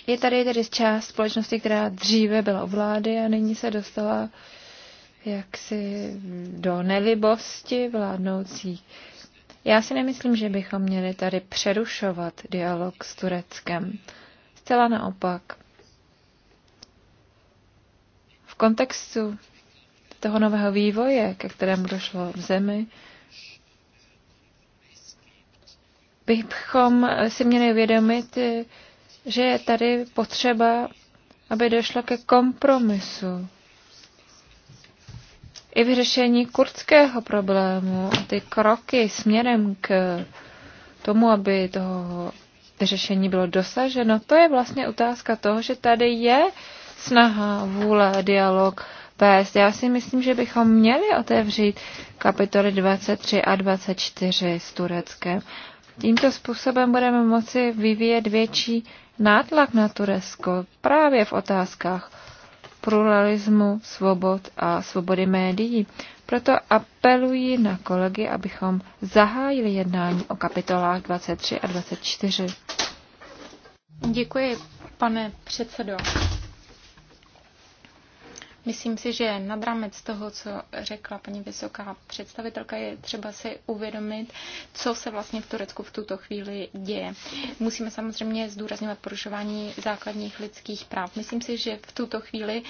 Je tady tedy část společnosti, která dříve byla u vlády a nyní se dostala jaksi do nelibosti vládnoucí. Já si nemyslím, že bychom měli tady přerušovat dialog s Tureckem. Zcela naopak. V kontextu toho nového vývoje, ke kterému došlo v zemi, bychom si měli uvědomit, že je tady potřeba, aby došlo ke kompromisu i vyřešení kurdského problému a ty kroky směrem k tomu, aby toho řešení bylo dosaženo, to je vlastně otázka toho, že tady je snaha, vůle, dialog vést. Já si myslím, že bychom měli otevřít kapitoly 23 a 24 s Tureckem. Tímto způsobem budeme moci vyvíjet větší nátlak na Turecko právě v otázkách pluralismu svobod a svobody médií. Proto apeluji na kolegy, abychom zahájili jednání o kapitolách 23 a 24. Děkuji, pane předsedo. Myslím si, že nad rámec toho, co řekla paní vysoká představitelka, je třeba si uvědomit, co se vlastně v Turecku v tuto chvíli děje. Musíme samozřejmě zdůrazňovat porušování základních lidských práv. Myslím si, že v tuto chvíli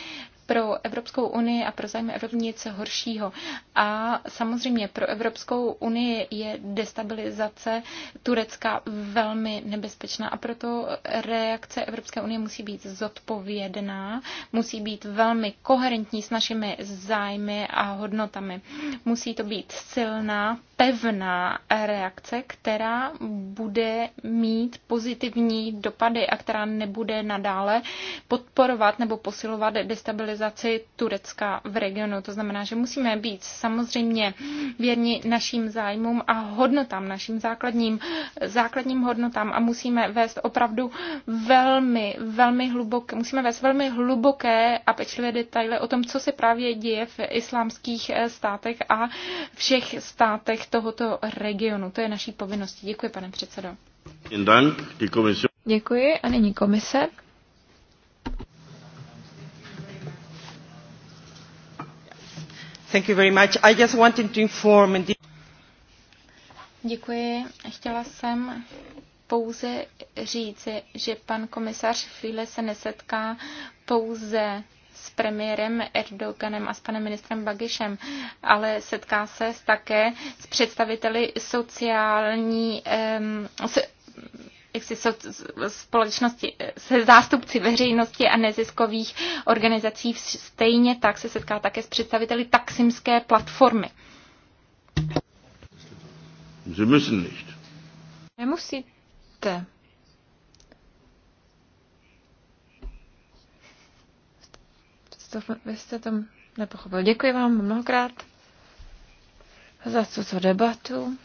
pro Evropskou unii a pro zájmy Evropy nic horšího. A samozřejmě pro Evropskou unii je destabilizace Turecka velmi nebezpečná a proto reakce Evropské unie musí být zodpovědná, musí být velmi koherentní s našimi zájmy a hodnotami. Musí to být silná pevná reakce, která bude mít pozitivní dopady a která nebude nadále podporovat nebo posilovat destabilizaci Turecka v regionu. To znamená, že musíme být samozřejmě věrni našim zájmům a hodnotám, našim základním, základním hodnotám a musíme vést opravdu velmi, velmi hluboké, musíme vést velmi hluboké a pečlivé detaily o tom, co se právě děje v islámských státech a všech státech tohoto regionu. To je naší povinností. Děkuji, pane předsedo. Děkuji a nyní komise. Thank you very much. I just wanted to inform Děkuji. Chtěla jsem pouze říci, že pan komisař File se nesetká pouze premiérem Erdoganem a s panem ministrem Bagišem, ale setká se také s představiteli sociální, s, jak si, so, společnosti, se zástupci veřejnosti a neziskových organizací. Stejně tak se setká také s představiteli taximské platformy. Sie müssen nicht. Nemusíte. to, vy jste to nepochopil. Děkuji vám mnohokrát za tuto debatu.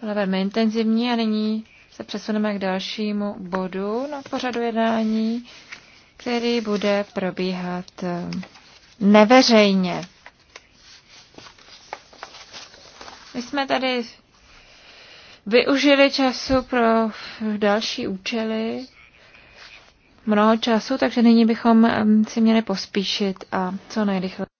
Byla velmi intenzivní a nyní se přesuneme k dalšímu bodu na pořadu jednání, který bude probíhat eh, neveřejně. My jsme tady využili času pro další účely mnoho času, takže nyní bychom si měli pospíšit a co nejrychleji.